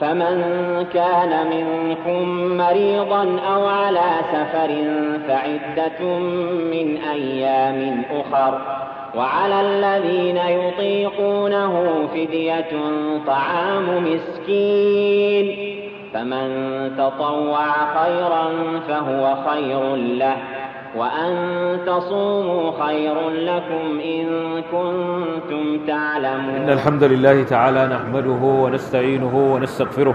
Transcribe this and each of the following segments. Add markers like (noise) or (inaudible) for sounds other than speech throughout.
فمن كان منكم مريضا أو على سفر فعدة من أيام أخر وعلى الذين يطيقونه فدية طعام مسكين فمن تطوع خيرا فهو خير له وأن تصوموا خير لكم إن كنتم تعلمون إن الحمد لله تعالى نحمده ونستعينه ونستغفره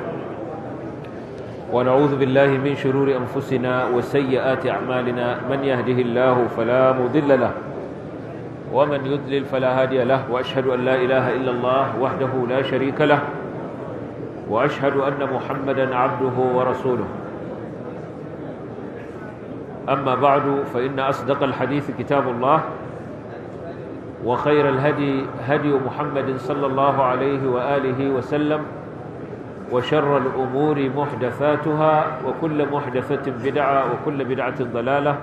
ونعوذ بالله من شرور أنفسنا وسيئات أعمالنا من يهده الله فلا مضل له ومن يضلل فلا هادي له وأشهد أن لا إله إلا الله وحده لا شريك له وأشهد أن محمدا عبده ورسوله أما بعد فإن أصدق الحديث كتاب الله وخير الهدي هدي محمد صلى الله عليه وآله وسلم وشر الأمور محدثاتها وكل محدثة بدعة وكل بدعة ضلالة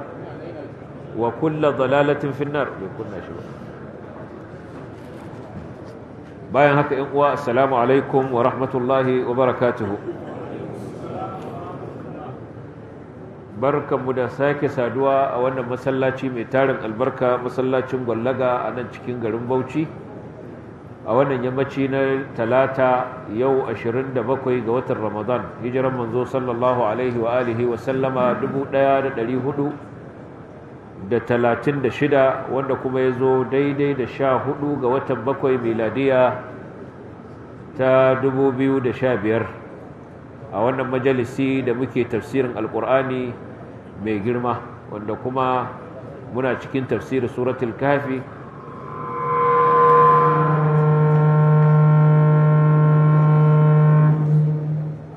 وكل ضلالة في النار شباب باين هكا السلام عليكم ورحمة الله وبركاته barkanmu da sake saduwa a wannan masallaci mai tarin albarka masallacin gwallaga a nan cikin garin bauchi a wannan yammaci na talata yau 27 ga watan ramadan hijiran manzo sallallahu alaihi wa alihi wa sallama 1436 wanda kuma ya zo daidai da 14 ga watan 7 miladiya ta 2015 a wannan majalisi da muke tafsirin alkur'ani mai girma wanda kuma muna cikin tafsirin suratul kafi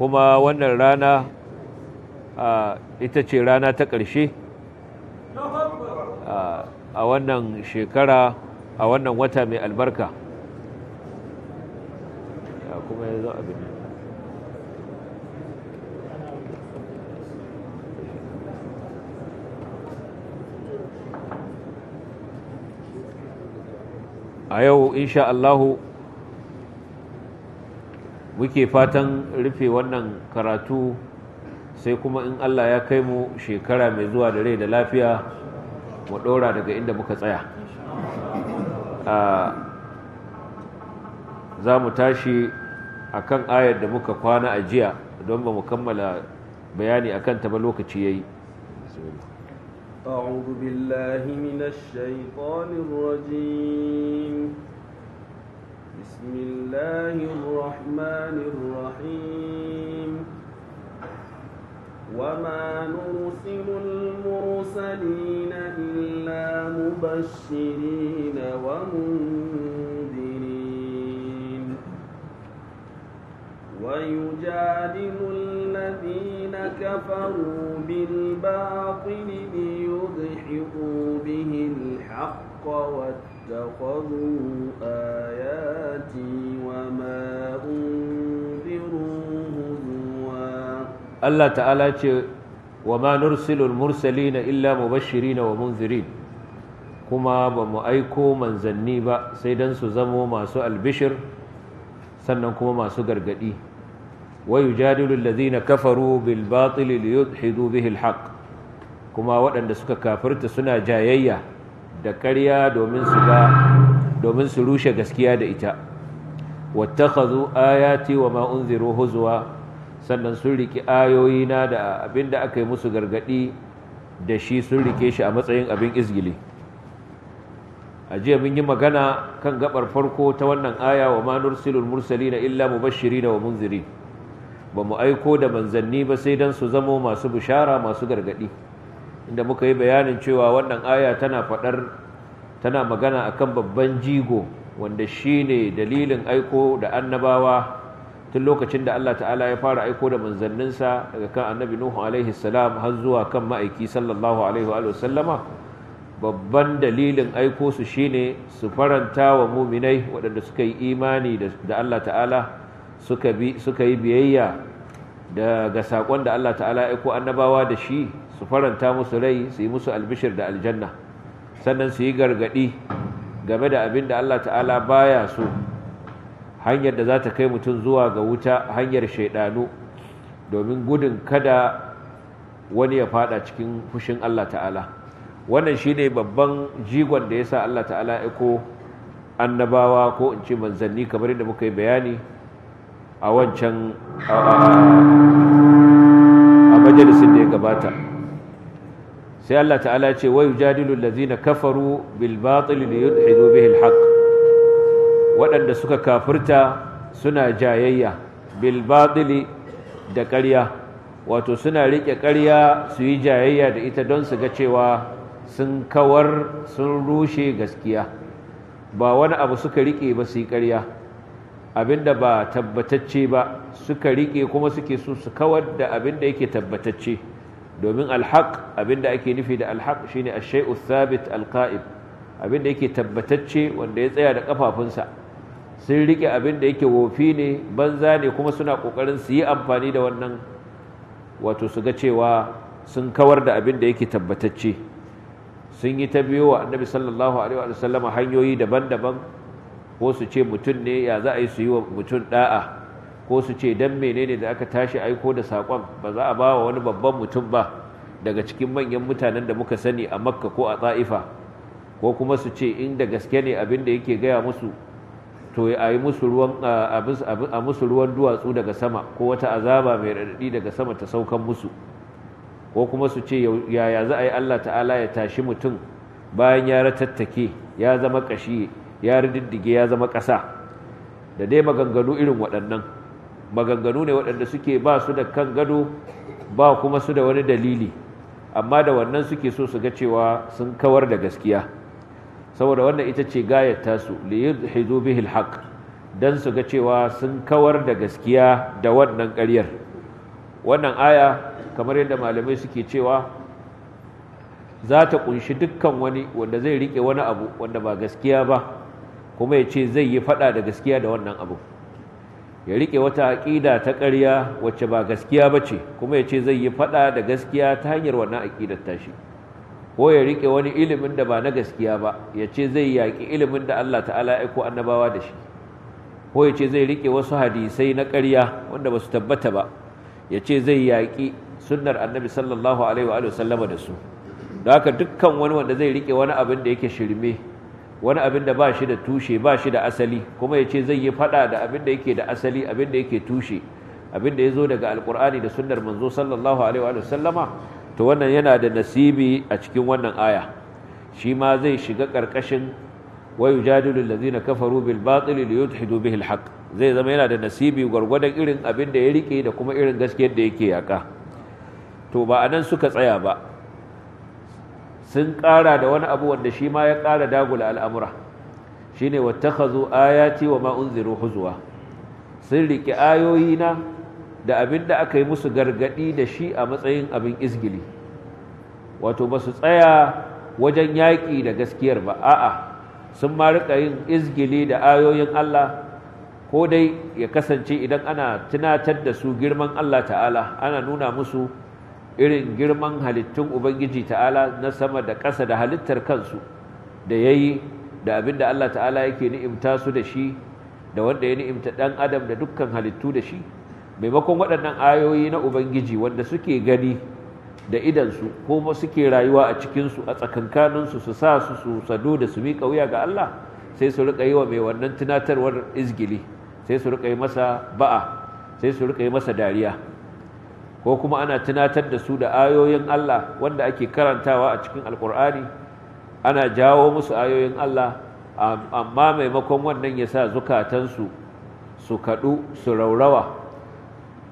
kuma wannan rana ita ce rana ta ƙarshe a wannan shekara a wannan wata mai albarka kuma ya zo abin a yau insha Allahu muke fatan rufe wannan karatu sai kuma in Allah ya kai mu shekara mai zuwa da rai da lafiya mu ɗora daga inda muka tsaya za mu tashi a kan ayar da muka kwana a jiya don ba mu kammala bayani a kanta ba lokaci ya yi أعوذ بالله من الشيطان الرجيم بسم الله الرحمن الرحيم وما نرسل المرسلين إلا مبشرين ومنذرين ويجادل الذين كفروا بالباطل ليحققوا به الحق واتخذوا آياتي وما أنذروا هزوا الله تعالى وما نرسل المرسلين إلا مبشرين ومنذرين كما بمؤيكو من زنيبا سيدان سزمو ما سؤال بشر سننكم ما سقر قديه ويجادل الذين كفروا بالباطل ليدحدوا به الحق kuma waɗanda suka kafirta suna jayayya da ƙarya domin su rushe gaskiya da ita wattakhadhu ayati wa ma'un zero huzuwa sannan sun ayoyi ayoyina da abinda aka yi musu gargaɗi da shi sun riƙe shi a matsayin abin izgili a jiya mun yi magana kan gabar farko ta wannan aya wa ma mursali na illa mu mubashirin wa munziri. ba mu aiko da manzanni ba sai don su zamo masu bishara masu gargaɗi inda muka yi bayanin cewa wannan aya tana faɗar tana magana akan babban jigo wanda shine dalilin aiko da annabawa tun lokacin da Allah ta'ala ya fara aiko da manzanninsa daga kan annabi Nuhu alaihi salam har zuwa kan ma'aiki sallallahu alaihi wa sallama babban dalilin aiko su shine su faranta wa muminai waɗanda suka yi imani da Allah ta'ala suka yi biyayya daga saƙon da Allah ta'ala aiko annabawa da shi su faranta musu rai su yi musu albishir da aljanna sannan su yi gargadi game da abin da Allah ta'ala baya su hanyar da za ta kai mutum zuwa ga wuta hanyar shaidanu domin gudun kada wani ya fada cikin fushin Allah ta'ala wannan shine babban jigon da yasa Allah ta'ala ko annabawa ko in ce manzanni kamar yadda muka yi bayani a wancan a majalisin da ya gabata sai Allah ta'ala ce wa yujadilu allazina kafaru bil batil li yudhidu bihi al haqq waɗanda suka kafirta suna jayayya bil batil da ƙarya wato suna rike ƙarya su yi jayayya da ita don su ga cewa sun kawar sun rushe gaskiya ba wani abu suka rike ba su yi ƙarya abinda ba tabbatacce ba suka riƙe kuma suke so su kawar da abinda yake tabbatacce domin alhaq abinda ake nufi da alhaq shine ash-shay'u thabit al-qa'im abinda yake tabbatacce wanda ya tsaya da kafafunsa sun rike abinda yake wofi ne banza ne kuma suna kokarin su yi amfani da wannan wato su ga cewa sun kawar da abinda yake tabbatacce sun yi ta biyo wa annabi sallallahu alaihi wa sallama hanyoyi daban-daban ko su ce mutum ne ya za a yi su yi wa mutum da'a ko su ce dan menene da aka tashi aiko da saƙon ba za a ba wa wani babban mutum ba daga cikin manyan mutanen da muka sani a makka ko a tsa'ifa ko kuma su ce in da gaske ne abin da yake gaya musu to a yi musu ruwan duwatsu daga sama ko wata azaba mai raɗaɗi daga sama ta saukan musu ko kuma su ce yaya za a yi Allah ta'ala ya tashi mutum bayan ya ratattake ya zama ƙashi ya riddige ya zama ƙasa da dai maganganu irin waɗannan maganganu ne waɗanda suke ba su da kan gado ba kuma su da wani dalili amma da wannan suke so su ga cewa sun kawar da gaskiya saboda wannan ita ce gayar tasu li yudhizu bihi alhaq dan su ga cewa sun kawar da gaskiya da wannan ƙaryar wannan aya kamar yadda malamai suke cewa za ta kunshi dukkan wani wanda zai rike wani abu wanda ba gaskiya ba kuma ya ce zai yi fada da gaskiya da wannan abu ya rike wata aƙida ta ƙarya wacce ba gaskiya ba ce kuma ya ce zai yi faɗa da gaskiya ta hanyar wannan aƙidar tashi ko ya rike wani ilimin da ba na gaskiya ba ya ce zai yaƙi ilimin da Allah ta'ala ya ko annabawa da shi ko ya ce zai rike wasu hadisai na ƙarya wanda ba su tabbata ba ya ce zai yaƙi sunnar annabi sallallahu alaihi wa sallama da su haka dukkan wani wanda zai riƙe wani abin da yake shirme wani abin da ba shi da tushe ba shi da asali kuma ya ce zai yi faɗa da abin da yake da asali abin da yake tushe abin da ya zo daga alkur'ani da sunnar manzo sallallahu alaihi wa sallama to wannan yana da nasibi a cikin wannan aya shi ma zai shiga karkashin wayu jadilu allazina kafaru bil batil liyudhidu bihi al haqq zai zama yana da nasibi gwargwadon irin abin da ya rike da kuma irin gaskiyar da yake yaka to ba anan suka tsaya ba sun ƙara da wani abu wanda shi ma ya ƙara dagula al'amura shi ne wattakhazu ayati wa ma'unziru huzuwa sun riƙe ayoyi na da abin da aka yi musu gargaɗi da shi a matsayin abin izgili wato ba su tsaya wajen yaƙi da gaskiyar ba a'a sun ma riƙa yin izgili da ayoyin Allah ko dai ya kasance idan ana tunatar da su girman Allah ta'ala ana nuna musu irin girman halittun ubangiji ta'ala na sama da ƙasa da halittar kansu da ya yi da abin da allah ta'ala yake ni'imta su da shi da wanda ya ni'imta ɗan adam da dukkan halittu da shi maimakon waɗannan ayoyi na ubangiji wanda suke gani da idansu kuma suke rayuwa a cikinsu a tsakankaninsu su sa su su sadu da su miƙa wuya ga allah sai su riƙa yi wa mai wannan tunatarwar izgili sai su riƙa yi masa ba'a sai su riƙa yi masa dariya ko kuma ana tunatar da su da ayoyin Allah wanda ake karantawa a cikin alkur'ani ana jawo musu ayoyin Allah amma maimakon wannan ya sa zukatansu su kaɗu su raurawa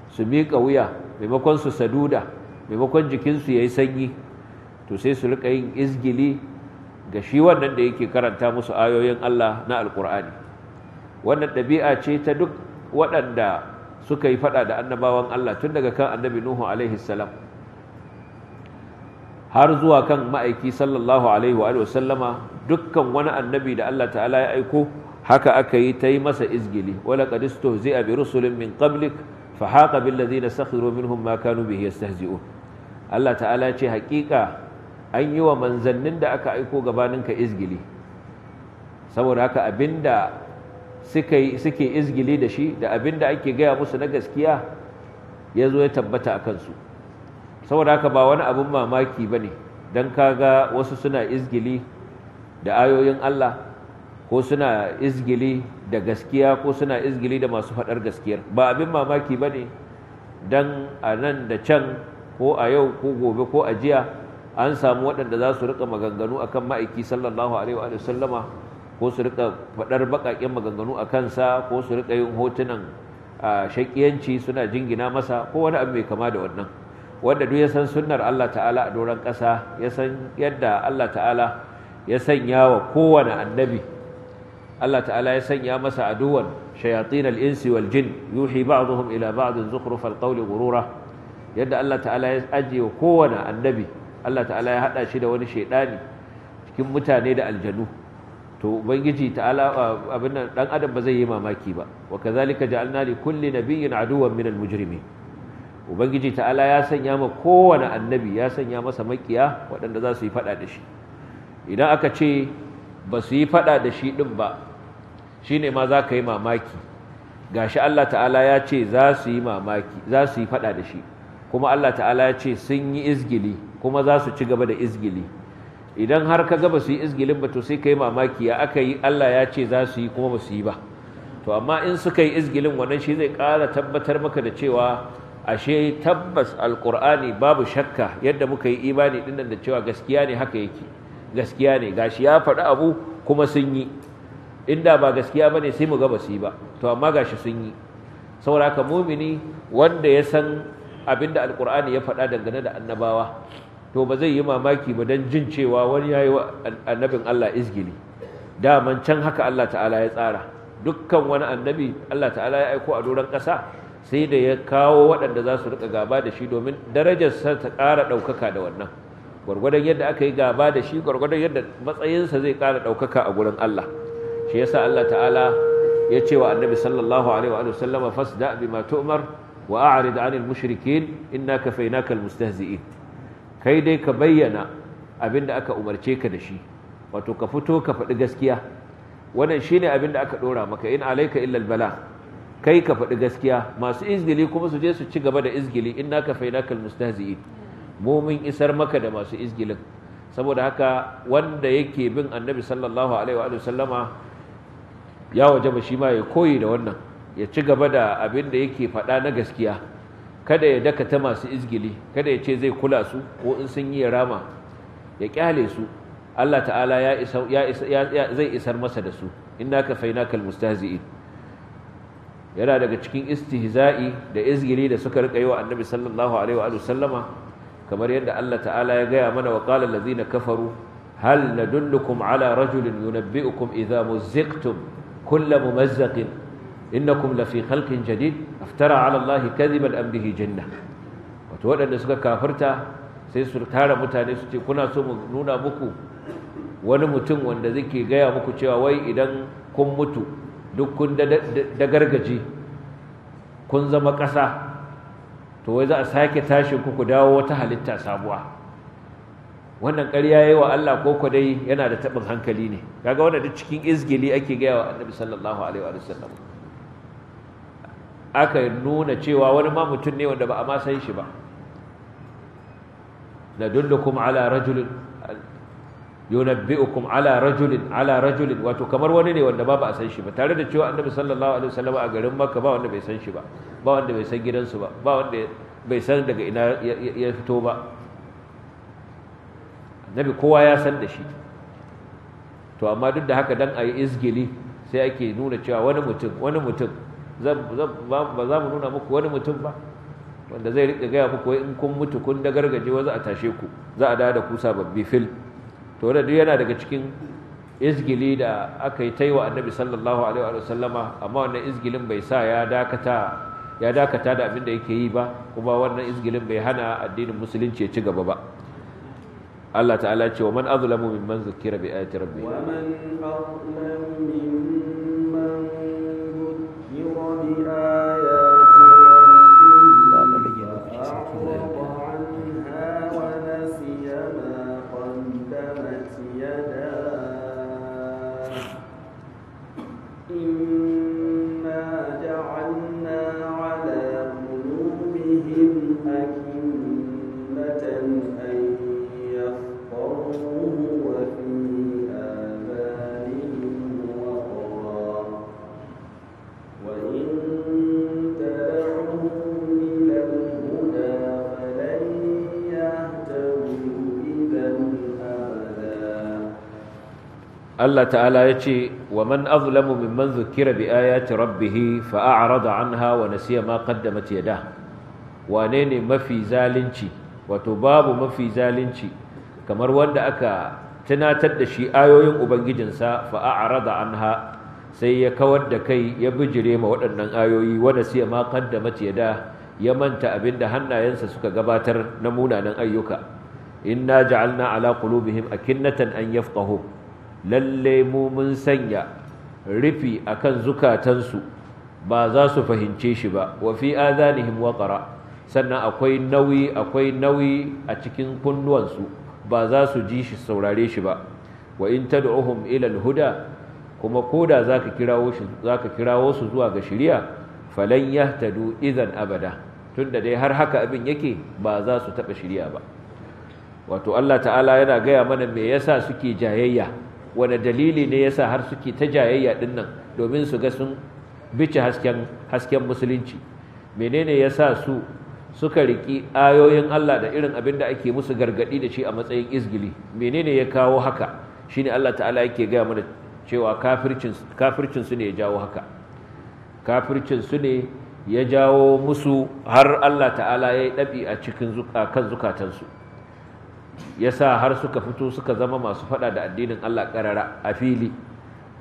su miƙa wuya maimakon su saduda maimakon jikinsu ya yi sanyi to sai su riƙa yin izgili ga shi wannan da yake karanta musu ayoyin Allah na alkur'ani wannan ɗabi'a ce ta duk waɗanda suka yi fada da annabawan Allah tun daga kan annabi Nuhu alaihi salam har zuwa kan ma'aiki sallallahu alaihi wa sallama dukkan wani annabi da Allah ta'ala ya aiko haka aka yi ta yi masa izgili wala qad istuhzi'a bi rusulin min qablik fa haqa bil ladina sakhiru minhum ma kanu bihi yastahzi'un Allah ta'ala ya ce haƙiƙa an yi wa manzannin da aka aiko gabaninka izgili saboda haka abinda suke izgili da shi da abin da ake gaya musu na gaskiya ya zo ya tabbata a kansu saboda haka ba wani abin mamaki ba ne don kaga wasu suna izgili da ayoyin Allah ko suna izgili da gaskiya ko suna izgili da masu faɗar gaskiyar ba abin mamaki ba ne don a nan da can ko a yau ko gobe ko a jiya an samu waɗanda za su riƙa maganganu akan ma'aiki sallallahu alaihi wa sallama ko su rika faɗar baƙaƙen maganganu a kansa ko su rika yin hotunan shaƙiyanci suna jingina masa ko wani abu mai kama da wannan wanda duk ya san sunnar Allah ta'ala a doron ƙasa ya san yadda Allah ta'ala ya sanya wa kowane annabi Allah ta'ala ya sanya masa aduwan shayatin al-insi wal jin yuhi ba'dhum ila ba'd zukhruf al-qawli gurura yadda Allah ta'ala ya ajiye wa kowane annabi Allah ta'ala ya hada shi da wani shaidani cikin mutane da aljanu to ubangiji ta'ala abin nan dan adam ba zai yi mamaki ba wa kazalika ja'alna li kulli nabiyyin aduwwan minal mujrimin ubangiji ta'ala ya sanya ma kowane annabi ya sanya masa makiya waɗanda za su yi faɗa da shi idan aka ce ba su yi faɗa da shi ɗin ba shi ma za ka yi mamaki gashi Allah ta'ala ya ce za su yi mamaki za su yi faɗa da shi kuma Allah ta'ala ya ce sun yi izgili kuma za su ci gaba da izgili idan har ka gaba su yi izgilin ba to sai ka yi mamaki ya aka yi Allah ya ce za su yi kuma ba su yi ba to amma in suka yi izgilin wannan shi zai ƙara tabbatar maka da cewa ashe tabbas alkur'ani babu shakka yadda muka yi imani dinnan da cewa gaskiya ne haka yake gaskiya ne gashi ya faɗi abu kuma sun yi inda ba gaskiya ba sai mu gaba su yi ba to amma gashi sun yi saboda haka mumini wanda ya san abinda alkur'ani ya faɗa dangane da annabawa to ba zai yi mamaki ba don jin cewa wani ya yi wa annabin Allah izgili daman can haka Allah ta'ala ya tsara dukkan wani annabi Allah ta'ala ya aiko a doron ƙasa sai da ya kawo waɗanda za su riƙa gaba da shi domin darajarsa ta ƙara ɗaukaka da wannan gwargwadon yadda aka yi gaba da shi gwargwadon yadda matsayinsa zai ƙara ɗaukaka a gurin Allah shi yasa Allah ta'ala ya ce wa annabi sallallahu alaihi wa sallama fasda bima tu'mar wa a'rid 'anil mushrikeen inna kafaynaka al-mustahzi'in kai dai ka bayyana abin da aka umarce ka da shi wato ka fito ka faɗi gaskiya wannan shine abin da aka ɗora maka in alaika illal bala kai ka faɗi gaskiya masu izgili kuma su je su ci gaba da izgili in naka fainaka almustahzi'i mu mun isar maka da masu izgilin saboda haka wanda yake bin annabi sallallahu alaihi wa sallama ya wajaba shi ma ya koyi da wannan ya ci gaba da abin da yake faɗa na gaskiya kada ya dakata masu izgili kada ya ce zai kula su ko in sun yi rama ya kyale su Allah ta'ala ya isa ya zai isar masa da su innaka fainakal mustahzi'in yana daga cikin istihza'i da izgili da suka rika yi wa annabi sallallahu alaihi wa sallama kamar yadda Allah ta'ala ya gaya mana wa qala allazina kafaru hal nadullukum ala rajulin yunabbi'ukum idza muzziqtum kullu mumazzaqin innakum lafi khalqin jadid aftara ala allahi kadhiban am bihi janna wato waɗanda suka kafirta sai su tara mutane su ce kuna so mu nuna muku wani mutum wanda zake gaya muku cewa wai idan kun mutu duk kun da gargaje kun zama ƙasa to wai za a sake tashin ku ku dawo wata halitta sabuwa wannan ƙarya yayi wa Allah ko ku dai yana da taɓin hankali ne kaga wannan duk cikin izgili ake gaya wa Annabi sallallahu alaihi wa sallam aka nuna cewa wani ma mutum ne wanda ba a ma san shi ba nadullukum ala rajulin yunabbi'ukum ala rajulin ala rajulin wato kamar wani ne wanda ba ba a san shi ba tare da cewa annabi sallallahu alaihi wasallam a garin makka ba wanda bai san shi ba ba wanda bai san gidansu ba ba wanda bai san daga ina ya fito ba annabi kowa ya san da shi to amma duk da haka dan ayi izgili sai ake nuna cewa wani mutum wani mutum ba za mu nuna muku wani mutum ba wanda zai riƙa gaya muku in kun mutu kun da gargaje wa za a tashe ku za a dawo da ku sababbi fil to da duk yana daga cikin izgili da aka yi taiwa annabi sallallahu alaihi wa sallama amma wannan izgilin bai sa ya dakata ya dakata da abin da yake yi ba kuma wannan izgilin bai hana addinin musulunci ya ci gaba ba Allah ta'ala ce wa man azlamu mimman zukira bi ayati rabbi wa man azlamu mimman Allah ta'ala ya ce wa man azlamu mimman zukira bi ayati rabbih fa a'rada anha wa nasiya ma qaddamat yada wane ne mafi zalunci wato babu mafi zalunci kamar wanda aka tunatar da shi ayoyin ubangijinsa fa a'rada anha sai ya kawar da kai ya bijire ma waɗannan ayoyi wa nasiya ma qaddamat yada ya manta abinda hannayensa suka gabatar na munanan ayyuka inna ja'alna ala qulubihim akinnatan an yafqahu lalle mu mun sanya rufi akan zukatansu ba za su fahimce shi ba wa fi adanihim waqara sannan akwai nauyi akwai nauyi a cikin kunnuwansu ba za su ji shi saurare shi ba wa in tad'uhum ila al-huda kuma koda zaka kirawo shi zaka kirawo su zuwa ga shari'a falan yahtadu idan abada tunda dai har haka abin yake ba za su taba shari'a ba wato Allah ta'ala yana gaya mana me yasa suke jayayya wani dalili ne yasa har suke ta jayayya din nan domin su ga sun bice hasken hasken musulunci menene yasa su suka riki ayoyin Allah da irin abin da ake musu gargadi da shi a matsayin izgili menene ya kawo haka shine Allah ta'ala yake gaya mana cewa kafircin kafircin su ne ya jawo haka kafircin su ne ya jawo musu har Allah ta'ala ya yi dabi a cikin kan zukatansu ya sa har suka fito suka zama masu faɗa da addinin Allah ƙarara a fili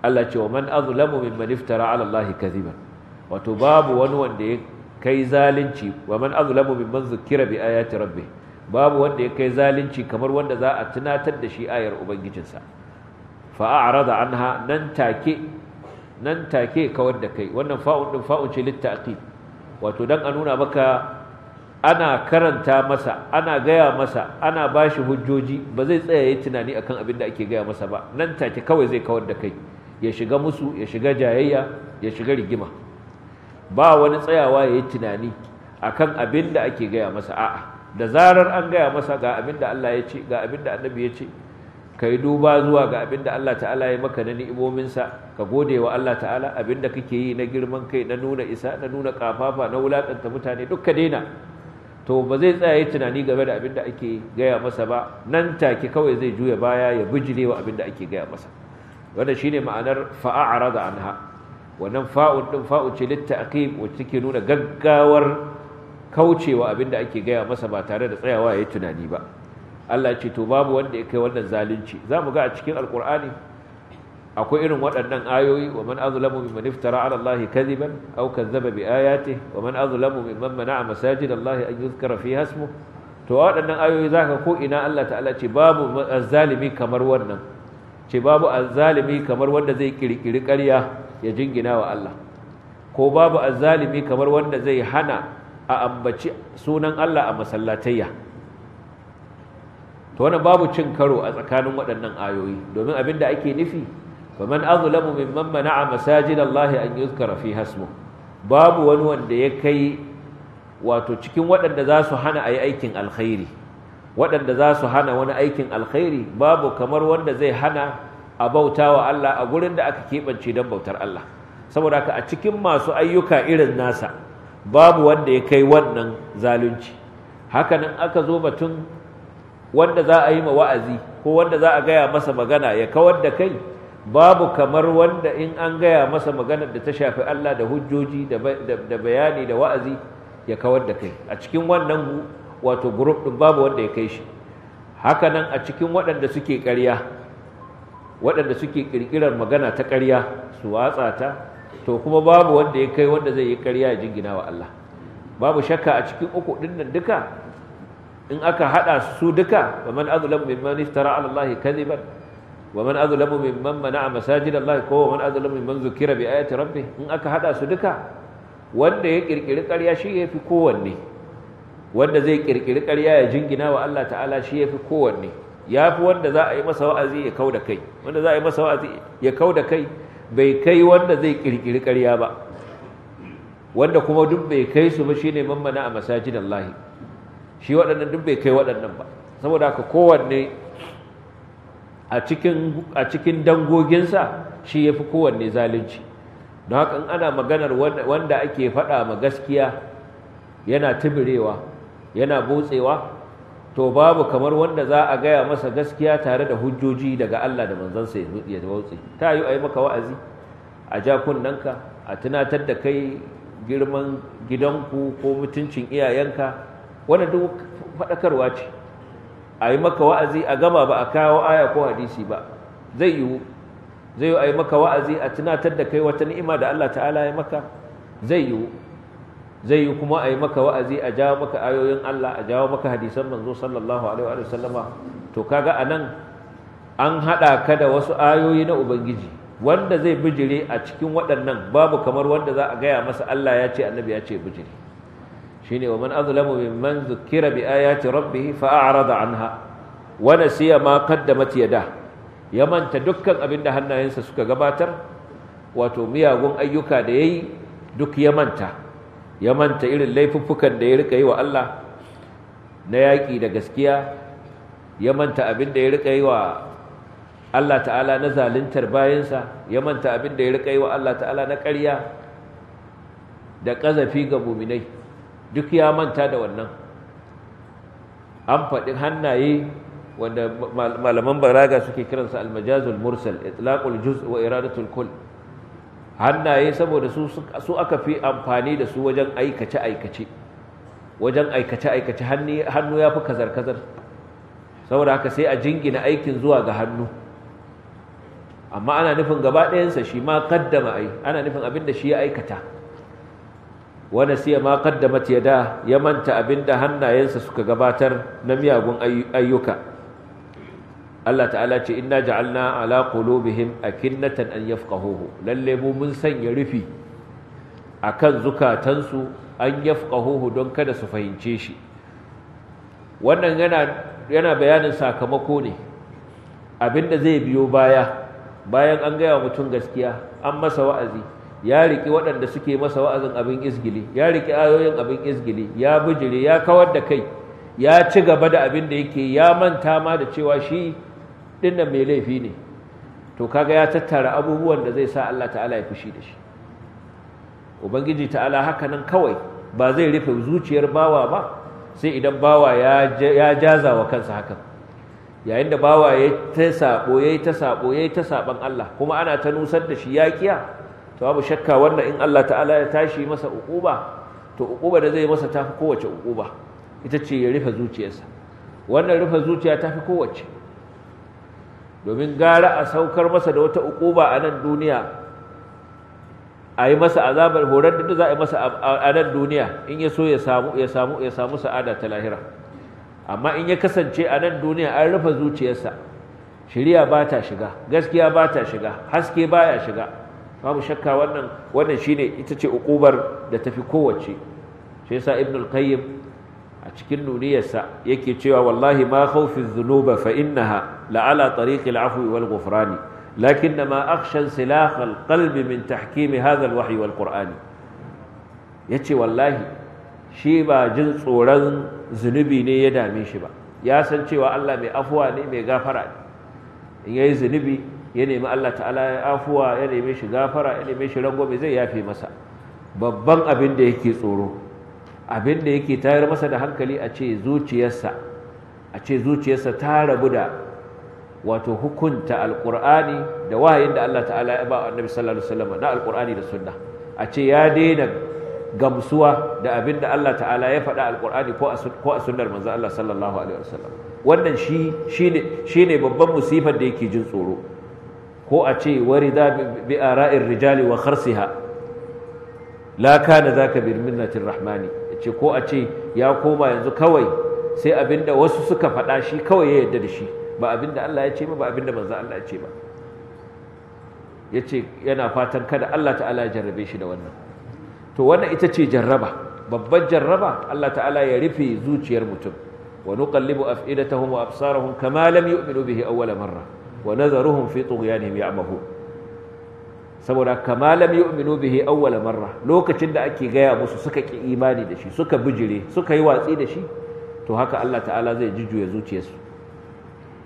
Allah ce wa man azlamu mimman iftara ala Allah kadhiban wato babu wani wanda ya kai zalunci wa man azlamu mimman zukira bi ayati rabbih babu wanda ya kai zalunci kamar wanda za a tunatar da shi ayar ubangijinsa fa a'rada anha nan take nan take kawar da kai wannan fa'un din fa'un ce littaqi wato dan a nuna maka ana karanta masa ana gaya masa ana ba shi hujjoji ba zai tsaya ya tunani akan abin da ake gaya masa ba nan take kawai zai kawar da kai ya shiga musu ya shiga jayayya ya shiga rigima ba wani tsayawa ya yi tunani akan abin da ake gaya masa a'a da zarar an gaya masa ga abin da Allah ya ce ga abin da annabi ya ce ka yi duba zuwa ga abin da Allah ta'ala ya maka na ni'imominsa ka gode wa Allah ta'ala abin da kake yi na girman kai na nuna isa na nuna kafafa na wulakanta mutane duk ka daina to ba zai tsaya tunani game da abin da ake gaya masa ba nan take kawai zai juya baya ya bijire wa abin da ake gaya masa wannan shine ma'anar fa'a'rada anha wannan fa'u din fa'u ce litta'qib wacce take nuna gaggawar kaucewa abin da ake gaya masa ba tare da tsayawa ya tunani ba Allah ce to babu wanda ya kai wannan zalunci za mu ga a cikin alkur'ani akwai irin waɗannan ayoyi wa man azlamu mimman iftara ala Allah kadhiban aw kazzaba bi ayatihi wa man azlamu mimman mana'a masajid Allah an yuzkara fi hasmu to waɗannan ayoyi zaka ko ina Allah ta'ala ce babu azzalimi kamar wannan ce babu azzalimi kamar wanda zai kirkiri ƙarya ya jingina wa Allah ko babu azzalimi kamar wanda zai hana a ambaci sunan Allah a masallatayya to wannan babu cin karo a tsakanin waɗannan ayoyi domin abin da ake nufi faman azlamu mimman mana'a masajidallahi an yuzkara fi hasmu babu wani wanda ya kai wato cikin waɗanda za hana ayi aikin alkhairi waɗanda za hana wani aikin alkhairi babu kamar wanda zai hana a bauta wa Allah a gurin da aka keɓance don bautar Allah saboda haka a cikin masu ayyuka irin nasa babu wanda ya kai wannan zalunci hakanan aka zo batun wanda za a yi ma wa'azi ko wanda za a gaya masa magana ya kawar da kai babu kamar wanda in an gaya masa maganar da ta shafi Allah da hujjoji da bayani da wa'azi ya kawar da kai a cikin wannan wato group din babu wanda ya kai shi haka nan a cikin waɗanda suke ƙarya waɗanda suke ƙirƙirar magana ta ƙarya su watsa ta to kuma babu wanda ya kai wanda zai yi ƙarya ya jingina wa Allah babu shakka a cikin uku ɗinnan nan duka in aka haɗa su duka wa man azlam mimman iftara ala Allah kadhiban ومن أظلم ممن منع مساجد الله كو ومن أظلم ممن ذكر بآية ربه إن أكا هذا سدكا wanda ya kirkiri ƙarya shi ya fi kowanne wanda zai kirkiri ƙarya ya jingina wa Allah ta'ala shi ya fi kowanne ya fi wanda za a yi masa wa'azi ya kau kai wanda za a yi masa wa'azi ya kau kai bai kai wanda zai kirkiri ƙarya ba wanda kuma duk bai kai su ba shine mammana a masajid Allah shi waɗannan duk bai kai waɗannan ba saboda haka kowanne a cikin dangoginsa shi ya fi kowanne zalunci don haka in ana maganar wanda ake faɗa ma gaskiya yana tibirewa yana botsewa to babu kamar wanda za a gaya masa gaskiya tare da hujjoji daga Allah da manzansa ya botse ta yi a yi maka wa'azi a ja ka? a tunatar da kai girman gidanku ko mutuncin iyayenka wanda duk faɗakarwa ce a yi maka wa'azi a gama ba a kawo aya ko hadisi ba zai yiwu zai yi a yi maka wa'azi a tunatar da kai wata ni'ima da Allah ta'ala ya maka zai yiwu zai yi kuma a yi maka wa'azi a jawo maka ayoyin Allah a jawo maka hadisan manzo sallallahu alaihi wa sallama to kaga a nan an haɗa ka da wasu ayoyi na ubangiji wanda zai bijire a cikin waɗannan babu kamar wanda za a gaya masa Allah ya ce annabi ya ce bijire shine wa man azlamu mimman zukira bi ayati rabbih fa a'rada anha wa nasiya ma qaddamat yadah ya manta dukkan abin da hannayensa suka gabatar wato miyagun ayyuka da yayi duk ya manta ya manta irin laifuffukan da ya rika yi wa Allah na yaƙi da gaskiya ya manta abin da ya rika yi wa Allah ta'ala na zaluntar bayansa ya manta abin da ya rika yi wa Allah ta'ala na ƙarya da ƙazafi ga muminai duk ya manta da wannan an faɗi hannaye wanda malaman balaga suke kiransa almajazul mursal itlaqul juz wa iradatul kull hannaye saboda su su aka fi amfani da su wajen aikace aikace wajen aikace aikace hannu ya fi kazar kazar saboda haka sai a jingina aikin zuwa ga hannu amma ana nufin gaba ɗayansa shi ma kaddama ai ana nufin abin da shi ya aikata wani siya ma qaddamat yada ya manta abin da hannayensa suka gabatar na miyagun ayyuka Allah ta'ala ce inna ja'alna ala qulubihim akinnatan an yafqahuhu lalle mu mun sanya rufi akan zukatansu an yafqahuhu don kada su fahimce shi wannan yana bayanin sakamako ne Abin da zai biyo baya bayan an gaya mutum gaskiya an masa wa'azi ya riki waɗanda suke masa wa'azin abin izgili ya riki ayoyin abin izgili ya bijire ya kawar da kai ya ci gaba da abin da yake ya manta ma da cewa shi dinnan mai laifi ne to kaga ya tattara abubuwan da zai sa Allah ta'ala ya fushi da shi ubangiji ta'ala haka nan kawai ba zai rufe zuciyar bawa ba sai idan bawa ya jaza wa kansa haka yayin da bawa ya ta saɓo ya ta saɓo ya ta Allah kuma ana ta nusar da shi ya kiya. to babu shakka wannan in Allah ta'ala ya tashi masa uquba to uquba da zai masa tafi kowace uquba ita ce ya rufe zuciyarsa wannan rufe zuciya tafi kowace domin gara a saukar masa da wata uquba a nan duniya a yi masa azabar horar da za a yi masa a nan duniya in ya so ya samu ya samu ya samu sa'ada ta lahira amma in ya kasance a nan duniya an rufe zuciyarsa shiriya ba ta shiga gaskiya ba ta shiga haske ba ya shiga babu shakka wannan wannan shine ita ce uqubar da tafi kowace shi yasa ibn al-qayyim a cikin nuniyarsa yake cewa wallahi ma khawfi dhunuba fa innaha la ala tariqi al-afwi wal ghufrani lakin ma akhsha silakh al-qalb min tahkim hadha al-wahyi wal qur'ani yace wallahi shi ba jin tsoron zunubi ne ya dame shi ba ya san cewa Allah mai afuwa ne mai gafara in yayi zunubi ya nemi Allah ta'ala ya afuwa ya nemi shi gafara ya nemi shi rangwame zai yafe masa babban abin da yake tsoro abin da yake tayar masa da hankali a ce zuciyarsa a ce zuciyarsa ta rabu da wato hukunta alqur'ani da wahayin da Allah ta'ala ya ba annabi sallallahu alaihi wasallam na alqur'ani da sunna a ce ya daina gamsuwa da abin da Allah ta'ala ya faɗa alqur'ani ko a sunnar manzo Allah sallallahu alaihi wasallam wannan shi shine shine babban musifar da yake jin tsoro ko a ce warida bi ra'in rijali wa kharsiha la kana zaka bi minnatir rahmani ce ko a ce ya koma yanzu kawai sai abinda wasu suka faɗa shi kawai ya yadda da shi ba abinda Allah ya ce ba ba abinda manzo Allah ya ce ba yace yana fatan kada Allah ta'ala ya jarrabe shi da wannan to wannan ita ce jarraba babbar jarraba Allah ta'ala ya rufe zuciyar mutum wa nuqallibu af'idatahum wa absarahum kama lam yu'minu bihi awwala marra wa nazaruhum fi tughyanihim ya'mahu saboda kama lam yu'minu bihi auwala marra lokacin da ake gaya musu suka ki imani da shi suka bijire suka yi watsi da shi to haka Allah ta'ala zai jujjuya zuciyarsu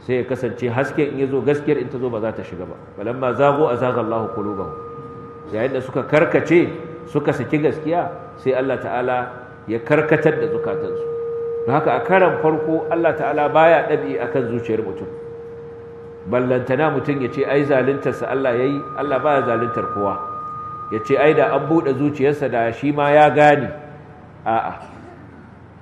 sai ya kasance hasken in yazo gaskiyar in ta zo ba za ta shiga ba balamma zago azaga Allahu qulubahum yayin da suka karkace suka saki gaskiya sai Allah ta'ala ya karkatar da zukatansu don haka a karan farko Allah ta'ala baya ɗabi akan zuciyar mutum ballantana mutum ya ce ai zaluntarsa Allah ya yi Allah ba ya zaluntar kowa ya ce ai da an buɗe zuciyarsa da shi ma ya gane a'a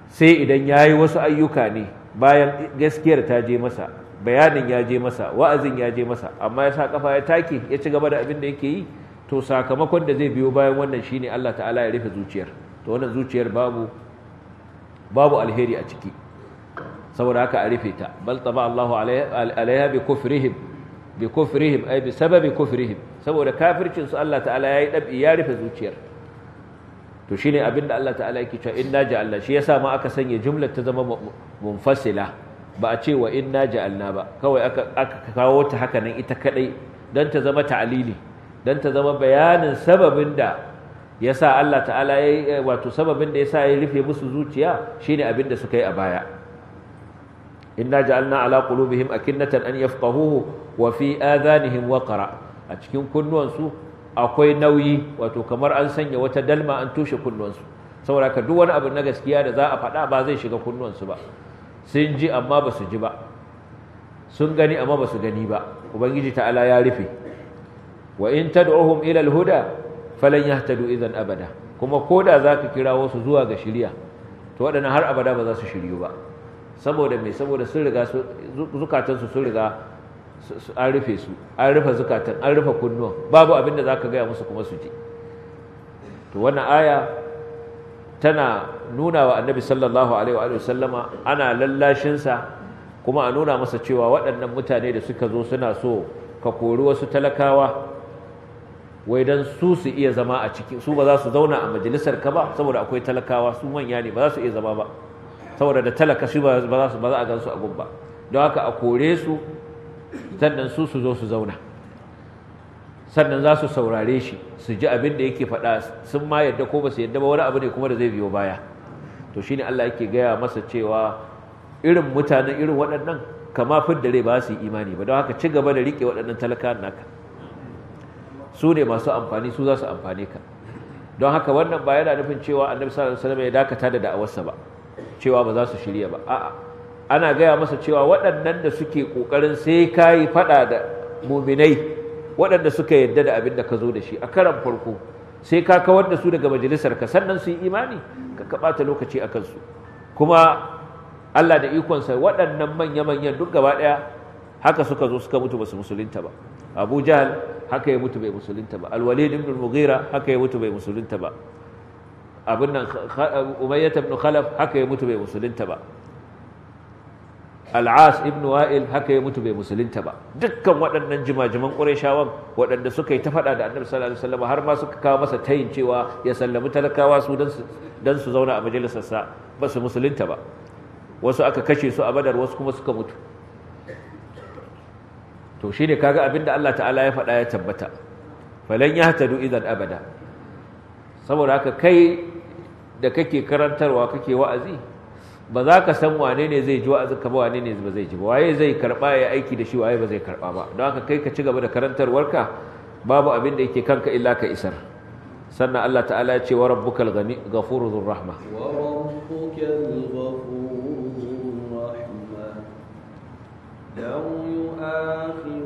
sai idan ya yi wasu ayyuka ne bayan gaskiyar ta je masa bayanin ya je masa wa'azin ya je masa amma ya sa kafa ya take ya ci gaba da abin da yake yi to sakamakon da zai biyo bayan wannan shine Allah ta'ala ya rufe zuciyar to wannan zuciyar babu babu alheri a ciki saboda haka a rufe ta bal taba Allahu alaiha bi kufrihim bi kufrihim ay bi sababi kufrihim saboda kafircin su Allah ta'ala yayi dabi ya rufe zuciyar to shine abinda Allah ta'ala yake cewa inna ja'alna shi yasa ma aka sanya jumlar ta zama munfasila ba a ce wa inna ja'alna ba kawai aka aka kawo ta haka nan ita kadai dan ta zama ta'lili dan ta zama bayanin sababin da yasa Allah ta'ala ya eh, wato sababin da yasa ya rufe musu zuciya shine abin da suka yi a baya inna ja'alna ala qulubihim akinnatan an yafqahuhu wa fi adhanihim waqra a cikin kunnuwansu akwai nauyi wato kamar an sanya wata dalma an toshe kunnuwansu saboda ka duk wani abu na gaskiya da za a faɗa ba zai shiga kunnuwansu ba sun ji amma ba su ji ba sun gani amma ba su gani ba ubangiji ta'ala ya rufe wa in tad'uhum ila al-huda falan yahtadu idan abada kuma koda zaka kirawo su zuwa ga shiriya to waɗannan har abada ba za su shiryu ba saboda mai saboda sun riga zukatansu sun riga an rufe su an rufe zukatan an rufe kunnuwan babu abin da za ka gaya musu kuma su ji to wannan aya tana nuna wa annabi sallallahu alaihi wa sallama ana lallashinsa kuma a nuna masa cewa waɗannan mutane da suka zo suna so ka kori wasu talakawa wai don su su iya zama a ciki su ba za su zauna a majalisar ka ba saboda akwai talakawa su manya ne ba za su iya zama ba saboda da talaka shi ba za ba za a gansu a gubba don haka a kore su sannan su su zo su zauna sannan za su saurare shi su ji abin da yake faɗa sun ma yadda ko ba su yadda ba wani abu ne kuma da zai biyo baya to shine Allah yake gaya masa cewa irin mutanen irin waɗannan kama fidda rai ba su yi imani ba don haka ci gaba da riƙe waɗannan talaka naka su ne masu amfani su za su amfane ka don haka wannan ba yana nufin cewa annabi sallallahu alaihi wasallam ya dakata da da'awarsa ba cewa ba za su shirya ba a'a ana gaya masa cewa waɗannan da suke ƙoƙarin sai ka yi faɗa da muminai waɗanda suka yarda da abin da ka zo da shi a karan farko sai ka kawar da su daga majalisar ka sannan su yi imani ka ka ɓata lokaci a kansu kuma Allah da ikonsa waɗannan manya-manyan duk gaba ɗaya haka suka zo suka mutu ba su musulunta ba Abu Jahal haka ya mutu bai musulunta ba Al-Walid ibn haka ya mutu bai musulunta ba abin nan umayyah ibn khalaf haka ya mutu bai musulunta ba al'as ibn wa'il haka ya mutu bai musulunta ba dukkan waɗannan jimajiman ƙurayshawan waɗanda suka yi ta faɗa da annabi sallallahu alaihi wasallam har ma suka kawo masa tayin cewa ya sallami talakawa su dan su zauna a majalisar sa ba su musulunta ba wasu aka kashe su a badar wasu kuma suka mutu to shine kaga abinda Allah ta'ala ya faɗa ya tabbata falan yahtadu idan abada saboda haka kai da kake karantarwa kake wa'azi ba za ka san wane ne zai ji wa'azi ka ba wane ne ba zai ji ba waye zai karba ya aiki da shi waye ba zai karba ba don haka kai ka ci gaba da karantarwarka babu abin da yake kanka illa ka isar sannan Allah ta'ala ya ce wa rabbukal ghafuru dhur rahma wa rabbukal ghafuru dhur rahma yu'akhiru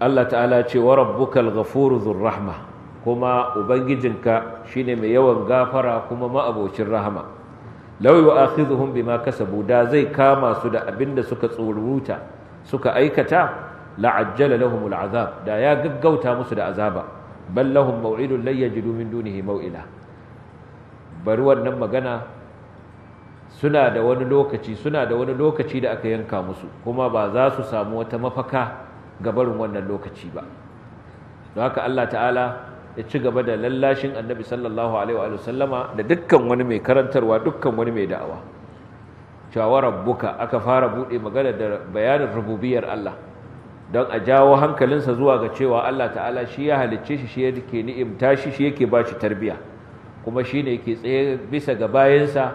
Allah ta'ala ce wa rabbukal ghafuru dhur rahma kuma ubangijinka shine mai yawan gafara kuma ma'abocin rahama law yu'akhidhuhum bima kasabu da zai kama su da abinda suka tsoruta suka aikata la'ajjala lahumul azab da ya gaggauta musu da azaba bal lahum maw'idun lan yajidu min dunihi maw'ila bari wannan magana suna da wani lokaci suna da wani lokaci da aka yanka musu kuma ba za su samu wata mafaka ga wannan lokaci ba don haka Allah ta'ala ya ci gaba da lallashin annabi sallallahu alaihi wa sallama da dukkan wani mai karantarwa dukkan wani mai da'awa cewa rabbuka aka fara buɗe magana da bayanin rububiyar Allah don a jawo hankalinsa zuwa ga cewa Allah ta'ala shi ya halicce shi shi yake ni'imta shi shi yake ba shi tarbiya kuma shi ne yake tsaye bisa ga bayansa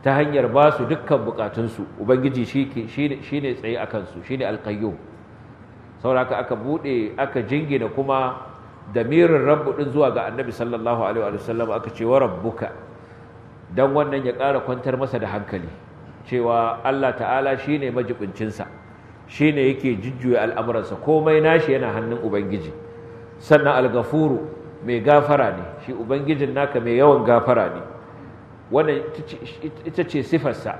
ta hanyar ba su dukkan bukatunsu ubangiji shi ne tsaye a kansu shi ne alƙayyum sauraka aka bude aka jingina kuma damirin rabbu din zuwa ga annabi sallallahu alaihi wa sallam aka ce wa rabbuka dan wannan ya ƙara kwantar masa da hankali cewa Allah ta'ala shine majibincinsa shine yake jujjuya al'amuransa komai nashi yana hannun ubangiji sannan al-ghafuru mai gafara ne shi ubangijin naka mai yawan gafara ne wannan ita ce sifarsa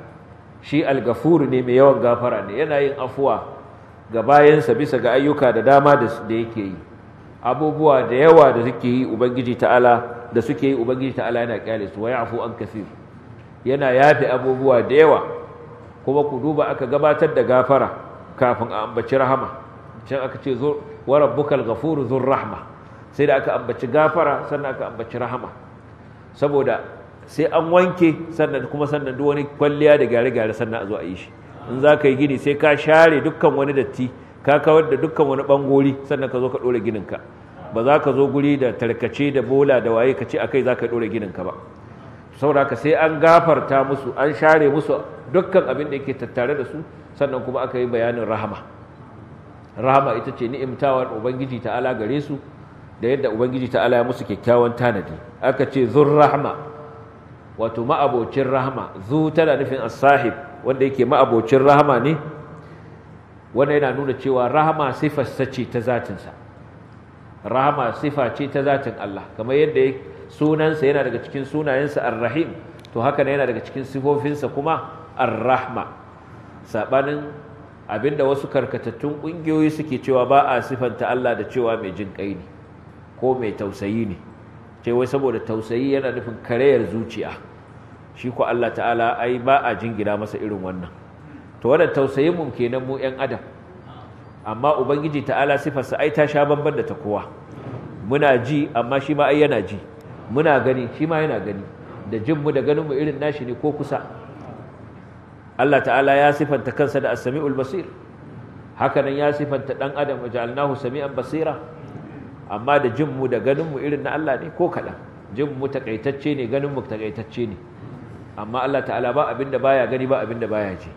shi al-ghafuru ne mai yawan gafara ne yana yin afuwa ga bayansa bisa ga ayyuka da dama da yake yi abubuwa da yawa da suke yi ubangiji ta'ala da suke yi ubangiji ta'ala yana kyale su wa ya'fu an kasir yana yafi abubuwa da yawa kuma ku duba aka gabatar da gafara kafin a ambaci rahama can aka ce wa rabbukal ghafuru dhur rahma sai da aka ambaci gafara sannan aka ambaci rahama saboda sai an wanke sannan kuma sannan duk wani kwalliya da gyare-gyare sannan a zo a yi shi in za ka yi gini sai ka share dukkan wani datti ka kawar da dukkan wani bangori sannan ka zo ka ɗora gininka ba za ka zo guri da tarkace da bola da waye ka ce a kai za ka ɗora gininka ba saboda ka sai an gafarta musu an share musu dukkan abin da yake tattare da su sannan kuma aka yi bayanin rahama rahama ita ce ni'imtawar ubangiji ta ala gare su da yadda ubangiji ta ala ya musu kyakkyawan tanadi aka ce zur rahama wato ma'abocin rahama zu tana nufin asahib. wanda yake ma'abocin rahama ne wanda yana nuna cewa rahama sifarsa ce ta zatinsa rahama sifa ce ta zatin Allah kamar yadda sunansa yana daga cikin sunayensa ar-rahim to haka yana daga cikin sifofinsa kuma ar-rahma sabanin abinda wasu karkatattun kungiyoyi suke cewa ba a sifanta Allah da cewa mai jin kai ne ko mai tausayi ne Cewa saboda tausayi yana nufin kareyar zuciya shi ku Allah ta'ala ai ba a jingira masa irin wannan to wannan tausayin mu kenan mu ƴan adam amma ubangiji ta'ala sa ai ta sha bamban da ta kowa muna ji amma shi ma ai yana ji muna gani shi ma yana gani da jin mu da ganin mu irin nashi ne ko kusa Allah ta'ala ya sifanta kansa da as-sami'ul basir Haka nan ya sifanta dan adam ja'alnahu sami'an basira amma da jin mu da ganin mu irin na Allah ne ko kaɗan jin mu takaitacce ne ganin mu takaitacce ne amma Allah ta'ala ba abinda baya gani ba abinda baya ji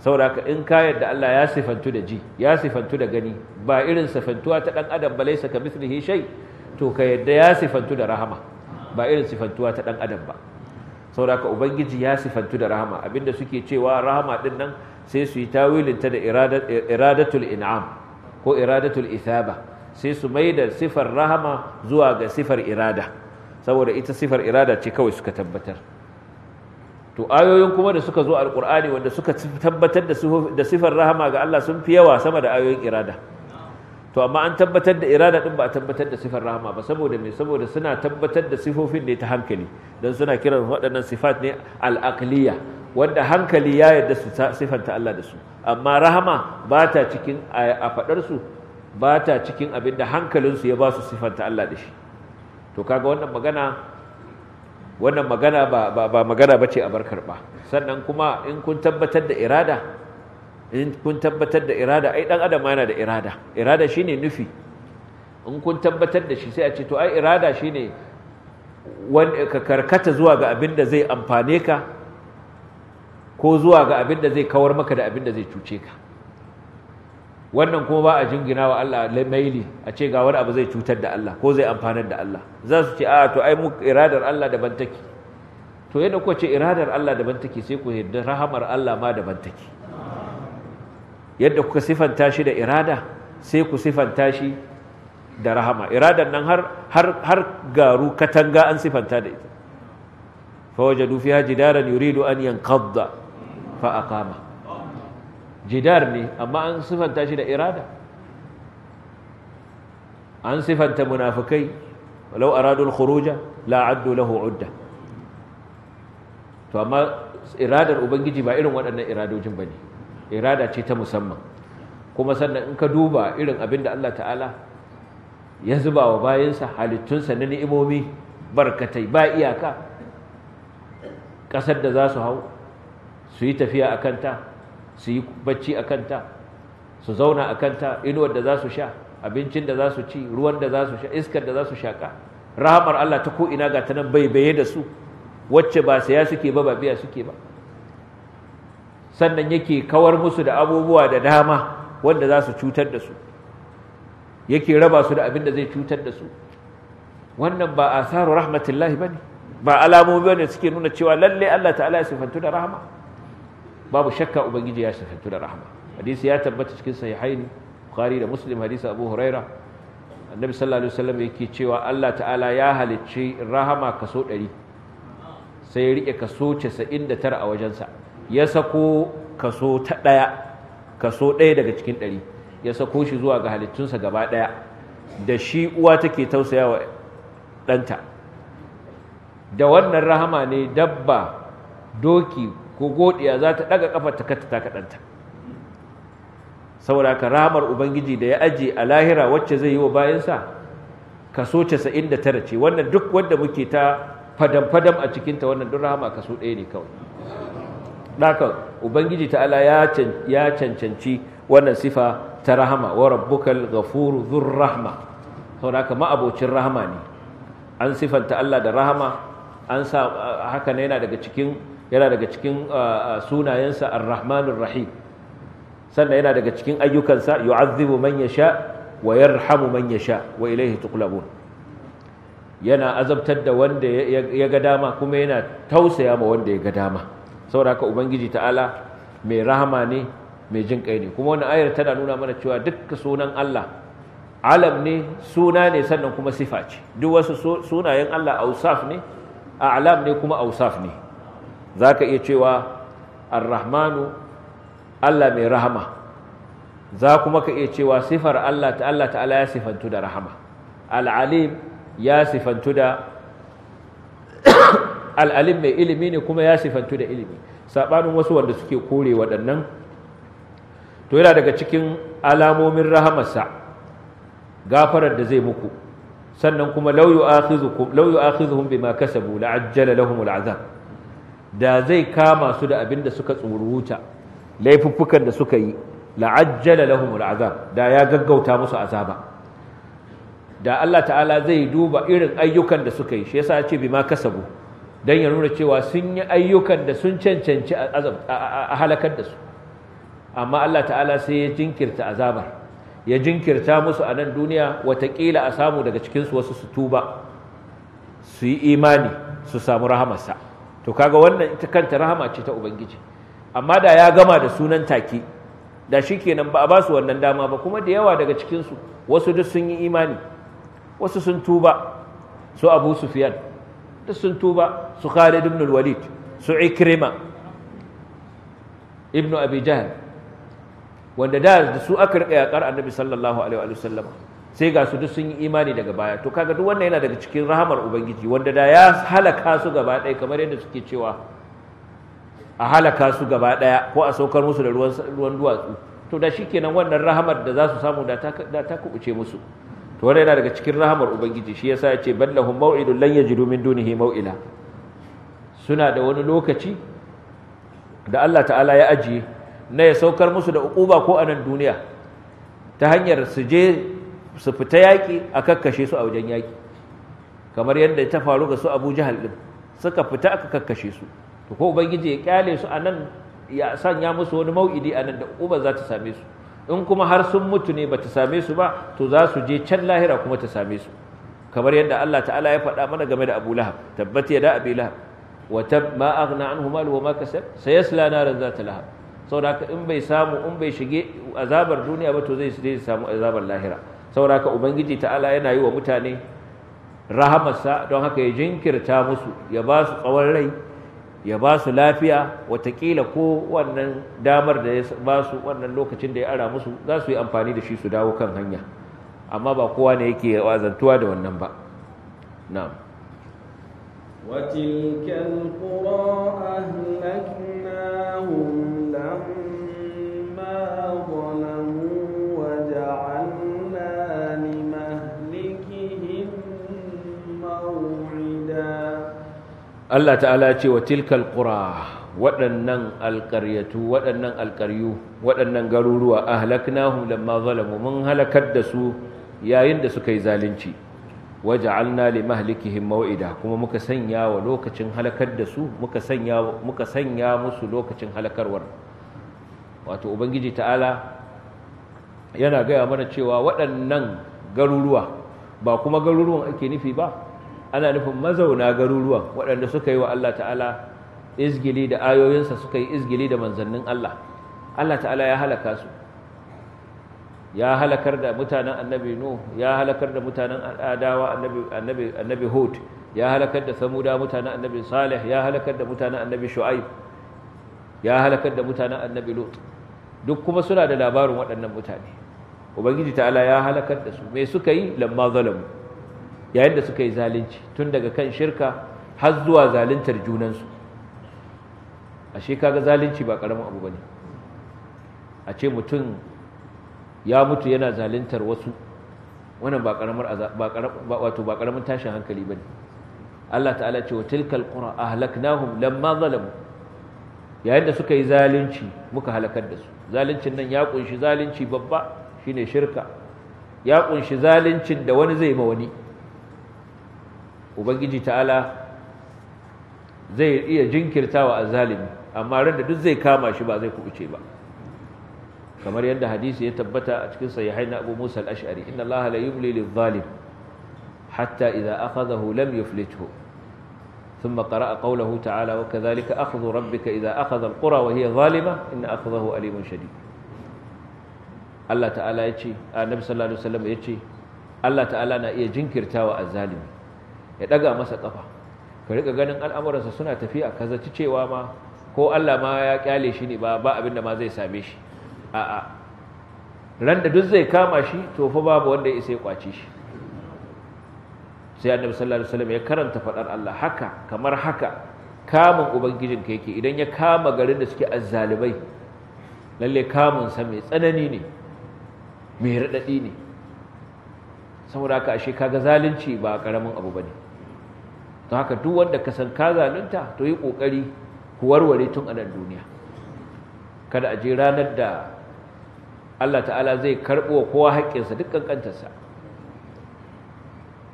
saboda in ka yadda Allah ya sifantu da ji ya sifantu da gani ba irin sifantuwa ta dan adam ba laysa kamithlihi shay to ka yadda ya sifantu da rahama ba irin sifantuwa ta dan adam ba saboda ubangiji ya sifantu da rahama abinda suke cewa rahama din nan sai su yi tawilin ta da iradatul in'am ko iradatul ithaba sai su mai da sifar rahama zuwa ga sifar irada saboda ita sifar irada ce kawai suka tabbatar to ayoyin kuma da suka zo alqur'ani wanda suka tabbatar da sifar rahama ga Allah sun fi yawa sama da ayoyin irada to amma an tabbatar da irada din ba a tabbatar da sifar rahama ba saboda me saboda suna tabbatar da sifofin ne ta hankali dan suna kiran waɗannan sifat ne al-aqliya wanda hankali ya yarda su sifanta Allah da su amma rahama ba ta cikin a faɗar su ba ta cikin abinda hankalinsu ya ba su sifanta Allah da shi to kaga wannan magana wannan magana ba ba magana bace a bar karba sannan kuma in kun tabbatar da irada in kun tabbatar da irada ai dan adam yana da irada irada shine nufi in kun tabbatar da shi sai a ce to ai irada shine ka karkata zuwa ga abin da zai amfane ka ko zuwa ga abin da zai kawar maka da abin da zai cuce ka wannan kuma ba a jingina wa Allah maili a ce ga wani abu zai cutar da Allah ko zai amfanar da Allah za su ce a to ai mu iradar Allah daban take to yadda kuka ce iradar Allah daban take sai ku yarda rahamar Allah ma daban take yadda kuka sifanta shi da irada sai ku sifanta shi da rahama iradar nan har har har garu katanga an sifanta da ita fa wajadu fiha jidaran yuridu an yanqadda fa aqama jidar ne amma an sifanta shi da irada an sifanta munafikai walau aradu khuruja la addu lahu udda to amma iradar ubangiji ba irin waɗannan iradojin ne. irada ce ta musamman kuma sannan in ka duba irin abin da Allah ta'ala ya zuba wa bayansa halittunsa na ni'imomi barkatai ba iyaka ƙasar da za su hau su yi tafiya a kanta su yi bacci a kanta su zauna a kanta inuwar da za su sha abincin da za su ci ruwan da za su sha iskar da za su shaƙa rahamar Allah ta ko'ina ga ta nan baibaye da su wacce ba saya suke ba ba biya suke ba sannan yake kawar musu da abubuwa da dama wanda za su cutar da su yake raba su da abin da zai cutar da su wannan ba asaru rahmatullahi bane ba alamomi bane suke nuna cewa lalle Allah ta'ala ya sifantu da rahama babu shakka ubangiji ya shafi da rahama hadisi ya tabbata cikin sahihaini bukhari da muslim hadisi abu huraira annabi sallallahu alaihi wasallam yake cewa Allah ta'ala ya halicci rahama kaso 100 sai ya rike kaso 99 a wajensa ya sako kaso ta daya kaso daya daga cikin 100 ya sako shi zuwa ga halittunsa gaba daya da shi uwa take tausayawa ɗanta. da wannan rahama ne dabba doki ko godiya za ta ɗaga ƙafar ta kata kaɗanta saboda ka ramar ubangiji da ya aje a lahira wacce zai yi wa bayansa kaso casa'in da tara ce wannan duk wanda muke ta fadam-fadam a cikinta wannan duk rahama kaso ɗaya ne kawai ɗaka ubangiji ta'ala ya cancanci wannan sifa ta rahama wa rabbukal ghafur dhur rahma saboda haka ma'abocin rahama ne an sifanta Allah da rahama an sa haka ne yana daga cikin yana daga cikin uh, uh, sunayensa ar-rahmanur rahim sannan yana daga cikin ayyukansa yu'azzibu man yasha wa yarhamu man yasha wa ilayhi tuqlabun yana azabtar da wanda ya ga dama kuma yana tausaya ma wanda ya ga dama saboda haka ubangiji ta'ala mai rahama ne mai jin kai ne kuma wannan ayar tana nuna mana cewa dukkan sunan Allah alam ne suna ne sannan kuma sifa ce duk wasu sunayen Allah ausaf ne a'lam ne kuma ausaf ne za ka iya cewa arrahmanu allah mai rahama za kuma ka iya cewa sifar allah ta allah ta'ala ya sifantu da rahama al'alim ya sifantu da (coughs) al'alim mai ilimi ne kuma ya sifantu da ilimi saɓanin wasu wanda suke kore waɗannan to yana daga cikin alamomin rahamarsa gafarar da zai muku sannan kuma lauyu akhizuhum bima kasabu la'ajjala lahumul azab da zai kama su da abin da suka tsoro wuta laifuffukan da suka yi la'ajjala lahum al'azab da ya gaggauta musu azaba da Allah ta'ala zai duba irin ayyukan da suka yi shi yasa ce bima kasabu dan ya nuna cewa sun yi ayyukan da sun cancanci a halakar da su amma Allah ta'ala sai ya jinkirta azabar ya jinkirta musu a nan duniya watakila a samu daga cikinsu wasu su tuba su yi imani su samu rahamarsa to kaga wannan ita kanta rahama ce ta ubangiji amma da ya gama da sunan take da shikenan ba a ba su wannan dama ba kuma da yawa daga cikinsu wasu duk sun yi imani wasu sun tuba su abu Sufyan, duk sun tuba su khalid ibn walid su ikrima ibn abi jahl wanda da su aka riƙa yaƙar annabi sallallahu alaihi wa sallam sai ga su duk sun yi imani daga baya to kaga duk wannan yana daga cikin rahamar ubangiji wanda da ya halaka su gaba ɗaya kamar yadda suke cewa a halaka su gaba ɗaya ko a saukar musu da ruwan duwatsu to da shi kenan wannan rahamar da za su samu da ta kubuce musu to wannan yana daga cikin rahamar ubangiji shi yasa ya ce ballahum maw'idun lan yajidu min dunihi maw'ila suna da wani lokaci da Allah ta'ala ya ajiye na ya saukar musu da uquba ko a nan duniya ta hanyar su je su fita yaƙi a kakkashe su a wajen yaƙi kamar yadda ta faru ga su abu jahal ɗin suka fita aka kakkashe su to ko ubangiji ya kyale su a nan ya sanya musu wani mau'idi a nan da uba za ta same su in kuma har sun mutu ne ba ta same su ba to za su je can lahira kuma ta same su kamar yadda Allah ta'ala ya faɗa mana game da Abu Lahab tabbati da Abi Lahab wa tab ma aghna anhu maluhu wa ma kasab sayasla naran zata lahab saboda in bai samu in bai shige azabar duniya ba to zai je samu azabar lahira saboda haka ubangiji ta'ala yana yi wa mutane rahamarsa don haka ya jinkirta musu ya ba su tsawon rai ya ba su lafiya watakila ko wannan damar da ya ba su wannan lokacin da ya ara musu za su yi amfani da shi su dawo kan hanya amma ba kowa ne yake wazantuwa da wannan ba na'am وتلك القرى أهلكنا Allah ta'ala ce wa tilkal qura waɗannan alƙaryatu waɗannan alƙaryu waɗannan garuruwa ahlaknahum lamma zalamu mun halakar da su yayin da suka yi zalunci waja'alna li mahlikihim maw'ida kuma muka sanya wa lokacin halakar da su muka sanya muka sanya musu lokacin halakarwar wato ubangiji ta'ala yana gaya mana cewa waɗannan garuruwa ba kuma garuruwan ake nufi ba ana nufin mazauna garuruwan waɗanda suka yi wa Allah ta'ala izgili da ayoyinsa suka yi izgili da manzannin Allah Allah ta'ala ya halaka su ya halakar da mutanen annabi nuh ya halakar da mutanen adawa annabi annabi hud ya halakar da samuda mutanen annabi salih ya halakar da mutanen annabi shu'aib ya halakar da mutanen annabi lut duk kuma suna da labarin waɗannan mutane ubangiji ta'ala ya halakar da su me suka yi lamma zalamu yayin da suka yi zalunci tun daga kan shirka har zuwa zaluntar junansu ashe kaga zalunci ba karamin abu bane a ce mutum ya mutu yana zaluntar wasu wannan ba karamar ba wato ba karamin tashin hankali bane Allah ta'ala ce wa tilkal qura ahlaknahum lamma zalamu yayin da suka yi zalunci muka halakar da su zaluncin nan ya kunshi zalunci babba shine shirka ya kunshi zaluncin da wani zai ma wani ubangiji ta'ala zai iya jinkirtawa a zalimi. amma ran da duk zai kama shi ba zai kubuce ba kamar yadda hadisi ya tabbata a cikin sahihai na Abu Musa al-Ash'ari inna Allah la yumli lidh-dhalim hatta idan idha akhadhahu lam yuflithu thumma qara'a qawluhu ta'ala wa kadhalika akhdhu rabbika idan aka al-qura wa hiya zalima inna akhdahu alimun shadid Allah ta'ala ya yace Annabi sallallahu alaihi wasallam ce, Allah ta'ala na iya jinkirtawa a zalimi ya ɗaga masa ƙafa ka riƙa ganin al'amuransa suna tafiya ka zaci cewa ma ko Allah ma ya ƙyale shi ne ba ba abin da ma zai same shi a'a ran da duk zai kama shi to fa babu wanda ya isa ya ƙwace shi sai annabi sallallahu alaihi wasallam ya karanta faɗar Allah haka kamar haka kamun ubangijin ka yake idan ya kama garin da suke azzalibai lalle kamun sa mai tsanani ne mai raɗaɗi ne saboda haka ashe kaga zalunci ba karamin abu bane don haka duk wanda ka san ka zalunta to yi kokari ku warware tun a nan duniya kada a je ranar da Allah ta'ala zai karɓo wa kowa haƙƙinsa duk kankantarsa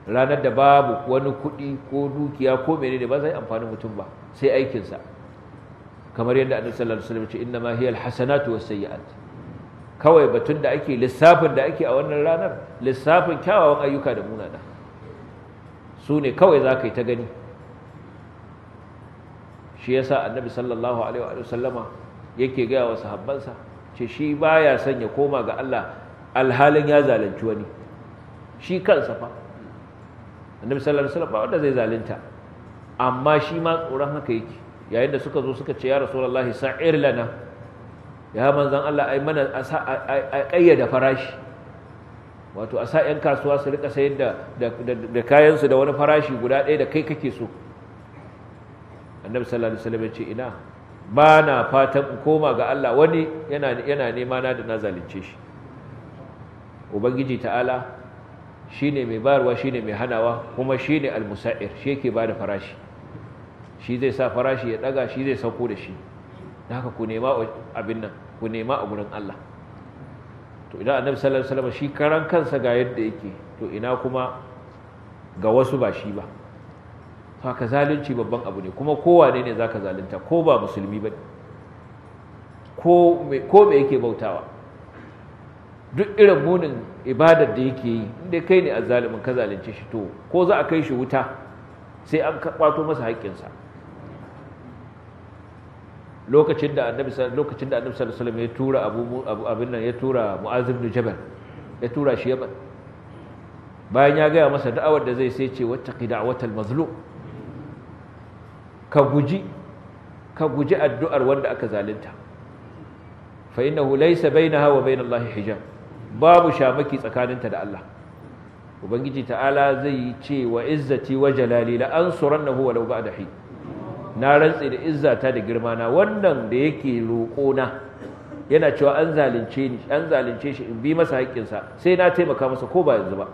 ranar da babu wani kuɗi ko dukiya ko mene ne ba zai amfani mutum ba sai aikinsa kamar yadda annabi sallallahu alaihi wasallam ce inna ma hiya alhasanatu wasayyi'at kawai batun da ake lissafin da ake a wannan ranar lissafin kyawawan ayyuka da munana su ne kawai za ka yi ta gani shi ya sa annabi sallallahu alaihi wasallama yake gaya wa sahabbansa ce shi baya son ya koma ga Allah alhalin ya zalunci wani shi kansa fa annabi sallallahu alaihi wasallam ba wanda zai zalunta amma shi ma tsoron haka yake yayin da suka zo suka ce ya rasulullahi sa'ir lana ya manzon Allah ai mana a kayyada farashi wato a sa 'yan kasuwa su rika sayar da da kayansu da wani farashi guda ɗaya da kai kake so annabi sallallahu alaihi wasallam ce ina ba na fatan in koma ga Allah wani yana nema na da na zalunce shi ubangiji ta'ala shine mai bayarwa shine mai hanawa kuma shine almusa'ir shi yake bada farashi shi zai sa farashi ya daga shi zai sauko da shi haka ku nema abin nan ku nema a gurin Allah to idan annabi sallallahu alaihi wasallam shi karan kansa ga yadda yake to ina kuma ga wasu ba shi ba Ka zalunci babban abu ne kuma kowane ne zaka zalunta ko ba musulmi ba ko me ko me yake bautawa duk irin munin ibadar da yake yi inda kai ne azzalimin ka zalunce shi to ko za a kai shi wuta sai an kwato masa haƙƙinsa sa lokacin da annabi lokacin da annabi sallallahu alaihi wasallam ya tura abu abin nan ya tura mu'az ibn jabal ya tura shi yaman bayan ya gaya masa da'awar da zai sai ce wattaqi da'watal mazlum ka guji ka guji addu'ar wanda aka zalunta fa innahu laysa bainaha wa bainallahi hijab babu shamaki tsakaninta da Allah ubangiji ta'ala zai ce wa izzati wa jalali la ansurannahu walau ba'da hin na rantse da izzata da girma na wannan da yake roƙo na, yana cewa an zalunce ni an zalunce shi in bi masa sa sai na taimaka masa ko ba yanzu ba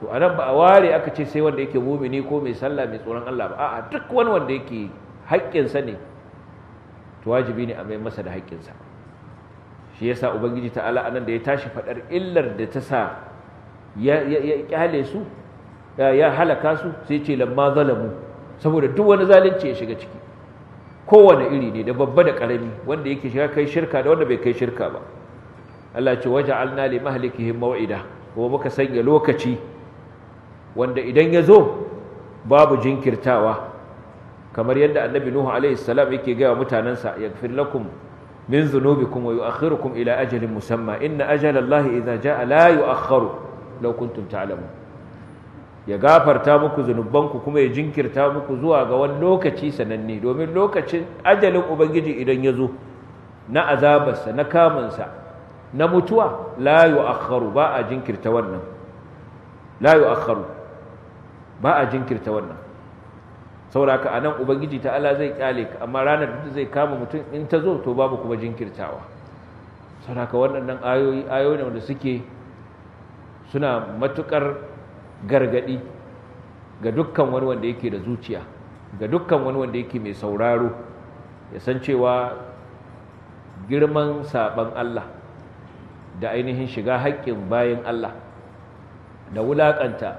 to anan ba a ware aka ce sai wanda yake mumini ko mai sallah mai tsoron Allah ba a'a duk wani wanda yake sa ne to wajibi ne a mai masa da sa shi yasa ubangiji ta ta'ala anan da ya tashi faɗar illar da ta sa ya kyale su ya halaka su sai ce lamma zalamu saboda duk wani zalunci ya shiga ciki kowane iri ne da babba da karami wanda yake shiga kai shirka da wanda bai kai shirka ba Allah ce waja'alna li mahlikihim maw'ida ko muka sanya lokaci wanda idan ya zo babu jinkirtawa kamar yadda annabi nuhu alaihi salam yake gaya mutanansa yaghfir lakum min dhunubikum wa yu'akhirukum ila ajalin musamma inna ajala allahi idza jaa la yu'akhkharu law kuntum ta'lamun ya gafarta muku zunubanku kuma ya jinkirta muku zuwa ga wani lokaci sananne domin lokacin ajalin ubangiji idan ya zo na azabarsa na kamunsa na mutuwa la akharu ba a jinkirta wannan la akharu ba a jinkirta wannan sauraka a nan ubangiji ta ala zai kyale ka amma ranar da zai kama mutum in ta zo to babu kuma jinkirtawa sauraka wannan ayoyi ayoyi ne wanda suke suna matukar gargadi ga dukkan wani wanda yake da zuciya ga dukkan wani wanda yake mai sauraro ya san cewa girman saban Allah da ainihin shiga haƙƙin bayan Allah da wulaƙanta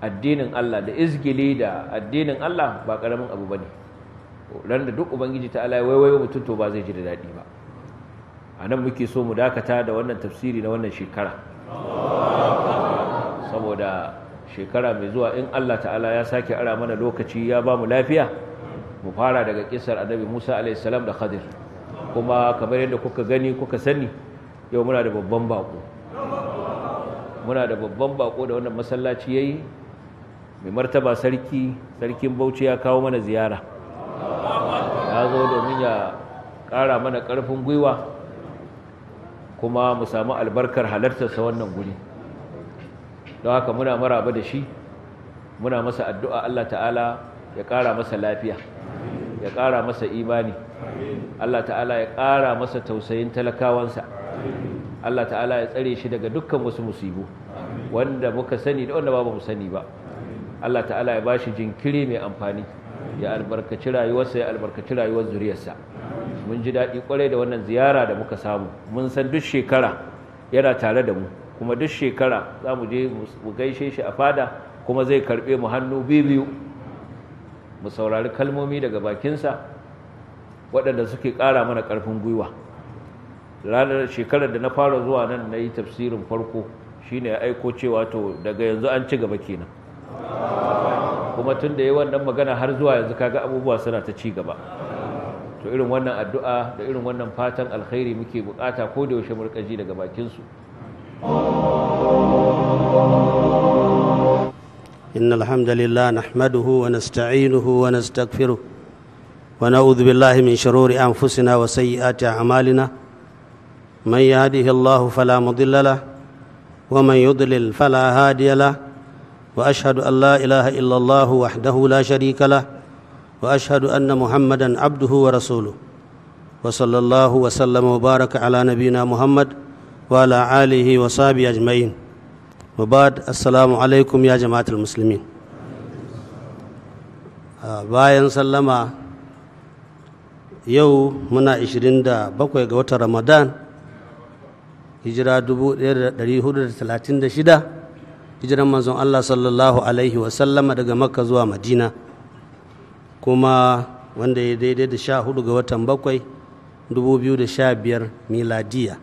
addinin Allah da izgili da addinin Allah ba ƙaramin abu ba ne ran da duk ubangiji ta ala wai mutum to ba zai ji da daɗi ba a nan muke so mu dakata da wannan tafsiri na wannan shekara saboda shekara mai zuwa in Allah ta'ala ya sake ara mana lokaci ya ba mu lafiya mu fara daga kisar annabi Musa a.s. da Khadir kuma kamar yadda kuka gani kuka sani yau muna da babban bako muna da babban bako da wannan masallaci yayi mai martaba sarki sarkin Bauchi ya kawo mana ziyara ya zo domin ya ƙara mana ƙarfin gwiwa kuma mu samu albarkar halartarsa wannan guri don haka muna maraba da shi muna masa addu'a Allah ta'ala ya ƙara masa lafiya ya ƙara masa imani Allah ta'ala ya ƙara masa tausayin talakawansa Allah ta'ala ya tsare shi daga dukkan wasu musibu wanda muka sani da wanda ba mu sani ba Allah ta'ala ya ba shi jinkiri mai amfani ya albarkaci rayuwarsa ya albarkaci rayuwar zuriyarsa mun ji daɗi kwarai da wannan ziyara da muka samu mun san duk shekara yana tare da mu kuma duk shekara za mu je mu gaishe shi a fada kuma zai karɓe mu hannu biyu mu saurari kalmomi daga bakinsa waɗanda suke ƙara mana ƙarfin gwiwa ranar shekarar da na fara zuwa nan na yi tafsirin farko shine ya aiko cewa to daga yanzu an ci gaba kenan kuma tun da yi wannan magana har zuwa yanzu kaga abubuwa suna ta ci gaba to irin wannan addu'a da irin wannan fatan alkhairi muke bukata ko da yaushe mu rika ji daga bakinsu. su إن الحمد لله نحمده ونستعينه ونستغفره ونعوذ بالله من شرور أنفسنا وسيئات أعمالنا من يهده الله فلا مضل له ومن يضلل فلا هادي له وأشهد أن لا إله إلا الله وحده لا شريك له وأشهد أن محمدا عبده ورسوله وصلى الله وسلم وبارك على نبينا محمد وعلى آله وصحبه أجمعين mubad assalamu alaikum ya jama'atul musulmi bayan sallama yau muna 27 ga watan ramadan hijira 1436 hijiran manzon Allah sallallahu alaihi wasallama daga makka zuwa madina kuma wanda ya daidai da 14 ga watan 7 2015 miladiya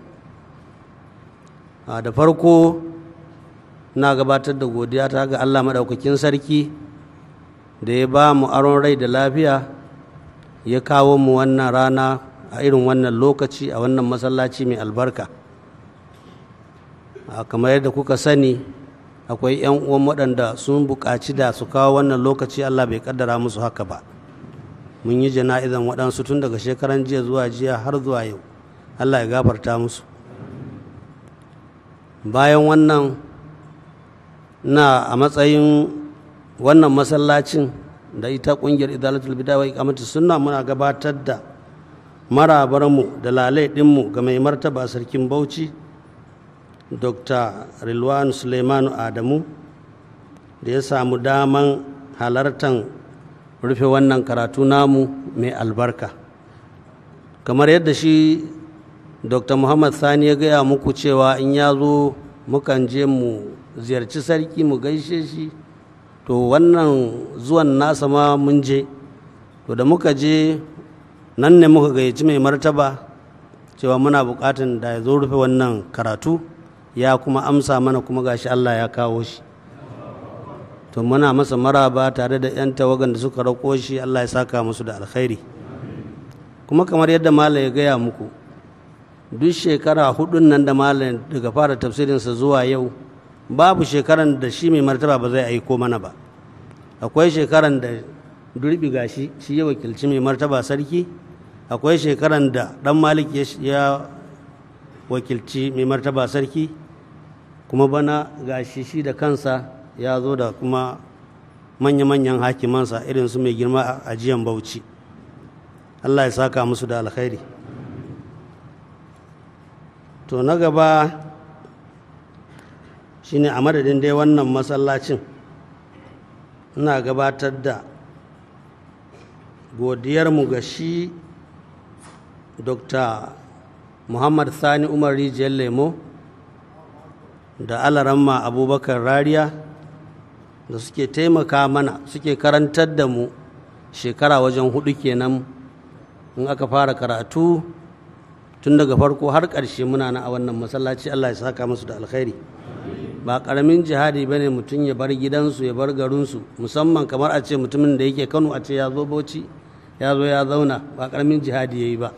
da farko na gabatar da godiya ta ga Allah maɗaukakin sarki da ya ba mu aron rai da lafiya ya kawo mu wannan rana a irin wannan lokaci a wannan masallaci mai albarka A kamar yadda kuka sani akwai 'yan uwan waɗanda sun buƙaci da su kawo wannan lokaci Allah bai ƙaddara musu haka ba mun yi jana'izan waɗansu tun daga shekaran jiya zuwa jiya har zuwa yau Allah ya gafarta musu bayan wannan na a matsayin wannan masallacin da ita ƙungiyar idalatul bidawa kamata suna muna gabatar da marabarmu da lalai ɗinmu ga mai martaba sarkin bauchi dr rilwan suleimanu adamu da ya samu daman halartan rufe wannan karatu namu mai albarka kamar yadda shi dr muhammad sani ya gaya muku cewa in ya zo mukan je mu ziyarci sarki mu gaishe shi to wannan zuwan nasa ma mun je to da muka je nan ne muka gayyaci mai martaba cewa muna bukatan da ya zo rufe wannan karatu ya kuma amsa mana kuma gashi Allah ya kawo shi to muna masa maraba tare da 'yan tawagan da suka rako shi Allah ya saka musu da alkhairi kuma kamar yadda malam ya gaya muku duk shekara hudun nan da malam daga fara tafsirinsa zuwa yau babu shekaran da shi mai martaba ba zai aiko mana ba akwai shekaran da durbi gashi shi ya wakilci mai martaba sarki akwai shekaran da dan malik ya wakilci mai martaba sarki kuma bana gashi shi da kansa ya zo da kuma manya-manyan hakimansa irin su mai girma a ajiyan bauchi allah ya saka musu da alkhairi to na gaba ne a madadin dai wannan masallacin ina gabatar da godiyarmu ga shi dr muhammad sani umar rijiyar lemo da alaramma abubakar rariya da suke taimaka mana suke karantar da mu shekara wajen hudu kenan in aka fara karatu tun daga farko har ƙarshe muna na a wannan masallaci allah ya saka musu da alkhairi ba karamin jihadi ba ne mutum ya bar gidansu ya bar garinsu musamman kamar a ce mutumin da yake kano a ce ya zo bauchi ya zo ya zauna ba karamin jihadi ya yi ba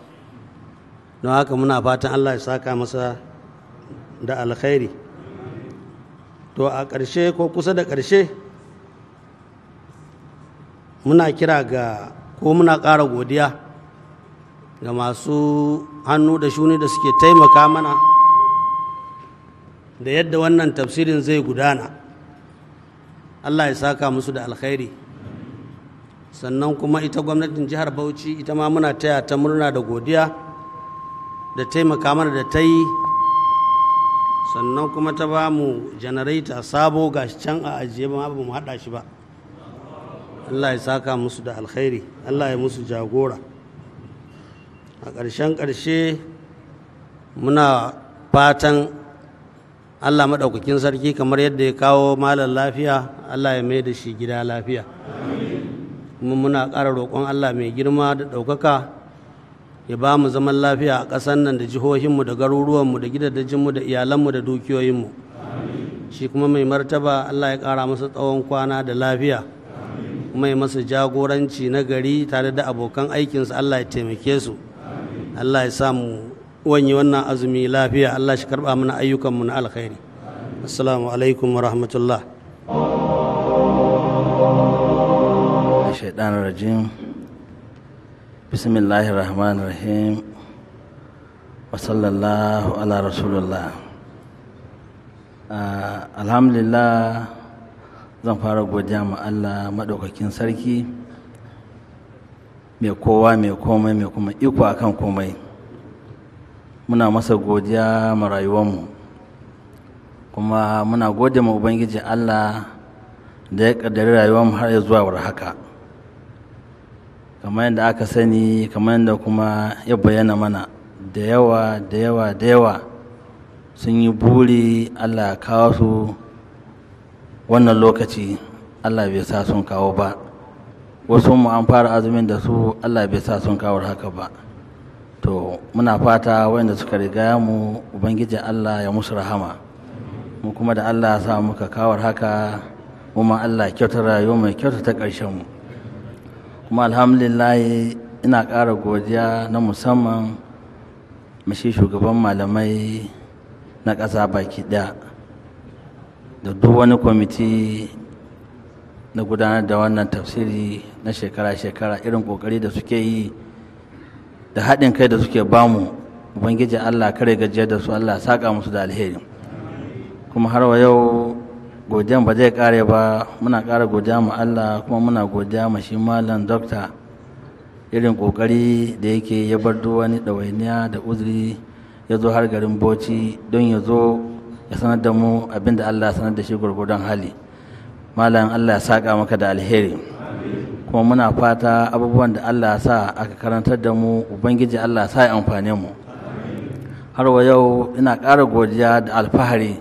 don haka muna fatan allah ya saka masa da alkhairi to a ƙarshe ko kusa da ƙarshe muna kira ga ko muna ƙara godiya ga masu hannu da shuni da suke taimaka mana da yadda wannan tafsirin zai gudana Allah ya saka musu da alkhairi sannan kuma ita gwamnatin jihar Bauchi ita ma muna taya ta murna da godiya da taimaka mana da ta yi sannan kuma ta ba mu janareta sabo gashi can a ajiye ba ba mu haɗa shi ba Allah ya saka musu da alkhairi Allah ya musu jagora a ƙarshen ƙarshe muna fatan Allah maɗaukakin sarki kamar yadda ya kawo malar lafiya Allah ya mai da shi gida lafiya kuma muna ƙara roƙon Allah mai girma da ɗaukaka ya ba mu zaman lafiya a ƙasar nan da jihohinmu da garuruwanmu da gidajenmu da iyalanmu da dukiyoyinmu shi kuma mai martaba Allah ya ƙara masa tsawon kwana da lafiya mai masa jagoranci na gari tare da abokan aikinsu Allah ya taimake su Allah ya samu wani wannan azumi lafiya Allah shi karba mana ayyukanmu na alkhairi assalamu alaikum wa rahmatullah shaidan rajim bismillahir rahmanir rahim wa sallallahu ala rasulullah ah, alhamdulillah zan fara godiya ma Allah madaukakin sarki mai kowa mai komai mai kuma iko akan komai muna masa godiya ma rayuwarmu kuma muna gode ma ubangiji allah da ya ƙaddari rayuwarmu har ya zuwa war haka kamar yadda aka sani kamar yadda kuma ya bayyana mana da yawa da yawa da yawa sun yi buri allah ya kawo su wannan lokaci allah bai sa sun kawo ba wasu mu an fara azumin da su allah bai sa sun kawo haka ba to muna fata wanda suka riga mu ubangijin allah ya musu rahama mu kuma da allah sa muka kawar haka kuma allah kyautar rayuwa mai kyauta ta ƙarshen mu kuma alhamdulillah ina ƙara godiya na musamman mashi shugaban malamai na ƙasa baki ɗaya da duk wani kwamiti na gudanar da wannan tafsiri na shekara-shekara irin ƙoƙari da suke yi da haɗin kai da suke bamu ubangiji allah kare gajiyar da su allah saƙa musu da alheri kuma har wa yau godiyan ba zai ƙare ba muna ƙara godiya ma allah kuma muna godiya ma shi malam dokta irin ƙoƙari da yake ya bar wani ɗawainiya da uzuri ya zo har garin bauchi don ya zo ya sanar da mu abin allah sanar da shi gwargwadon hali malam allah ya saƙa maka da alheri kuma muna fata abubuwan da Allah sa aka karantar da mu ubangiji Allah sa ya amfane mu har wa yau ina ƙara godiya da alfahari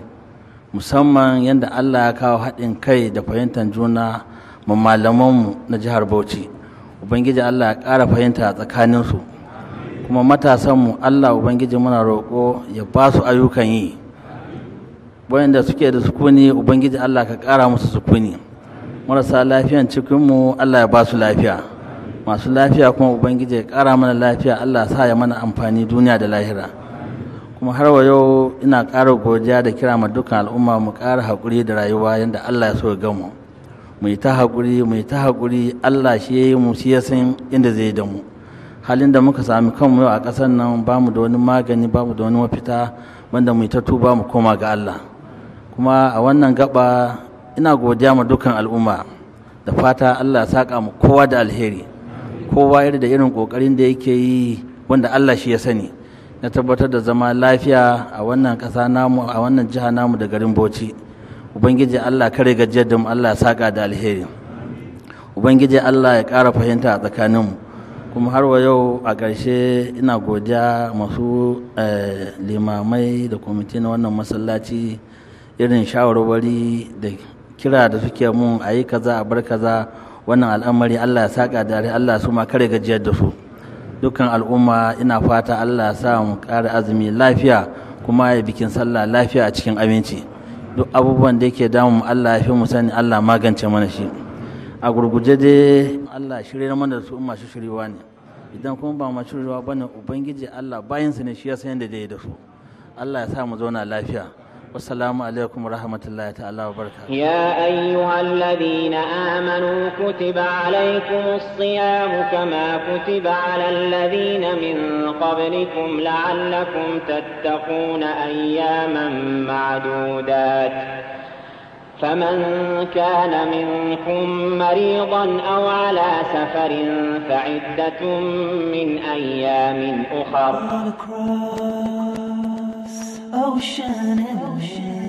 musamman yadda Allah ya kawo haɗin kai da fahimtar juna ma malamanmu na jihar Bauchi ubangiji Allah ya ƙara fahimta tsakaninsu kuma matasanmu Allah ubangiji muna roƙo ya ba su ayyukan yi wayanda suke da sukuni ubangiji Allah ka ƙara musu sukuni marasa lafiyan cikinmu Allah ya ba su lafiya masu lafiya kuma ubangiji ya ƙara mana lafiya Allah sa ya mana amfani duniya da lahira kuma har wa yau ina ƙara godiya da kira ma dukkan al'umma mu kara haƙuri da rayuwa yadda Allah ya so ga mu mu yi ta haƙuri mu yi ta haƙuri Allah shi ya yi mu shi ya san inda zai da mu halin da muka sami kanmu yau a ƙasar nan ba mu da wani magani ba mu da wani mafita banda mu yi ta tuba mu koma ga Allah kuma a wannan gaba ina godiya ma dukkan al'umma da fata Allah saƙa mu kowa da alheri kowa yadda da irin ƙoƙarin da yake yi wanda Allah shi ya sani na tabbatar da zama lafiya a wannan ƙasa namu a wannan jiha namu da garin Bauchi ubangiji Allah kare gajiyar da mu Allah saƙa da alheri ubangiji Allah ya ƙara fahimta a tsakanin mu kuma har wa yau a ƙarshe ina godiya masu eh, limamai da kwamiti na wannan masallaci irin shawarwari da kira da suke mun a yi kaza a bar kaza wannan al'amari Allah ya saka da Allah su ma kare gajiyar da su dukkan al'umma ina fata Allah ya sa mu ƙara azumi lafiya kuma ya bikin sallah lafiya a cikin aminci duk abubuwan da yake damu Allah ya fi mu sani Allah magance mana shi a gurguje dai Allah shirye mana da su in masu shiriwa ne idan kuma ba masu shiriwa ne ubangiji Allah bayansu ne shi ya san yadda da su Allah ya sa mu zauna lafiya والسلام عليكم ورحمة الله تعالى وبركاته يا أيها الذين آمنوا كتب عليكم الصيام كما كتب على الذين من قبلكم لعلكم تتقون أياما معدودات فمن كان منكم مريضا أو على سفر فعدة من أيام أخر ocean and ocean.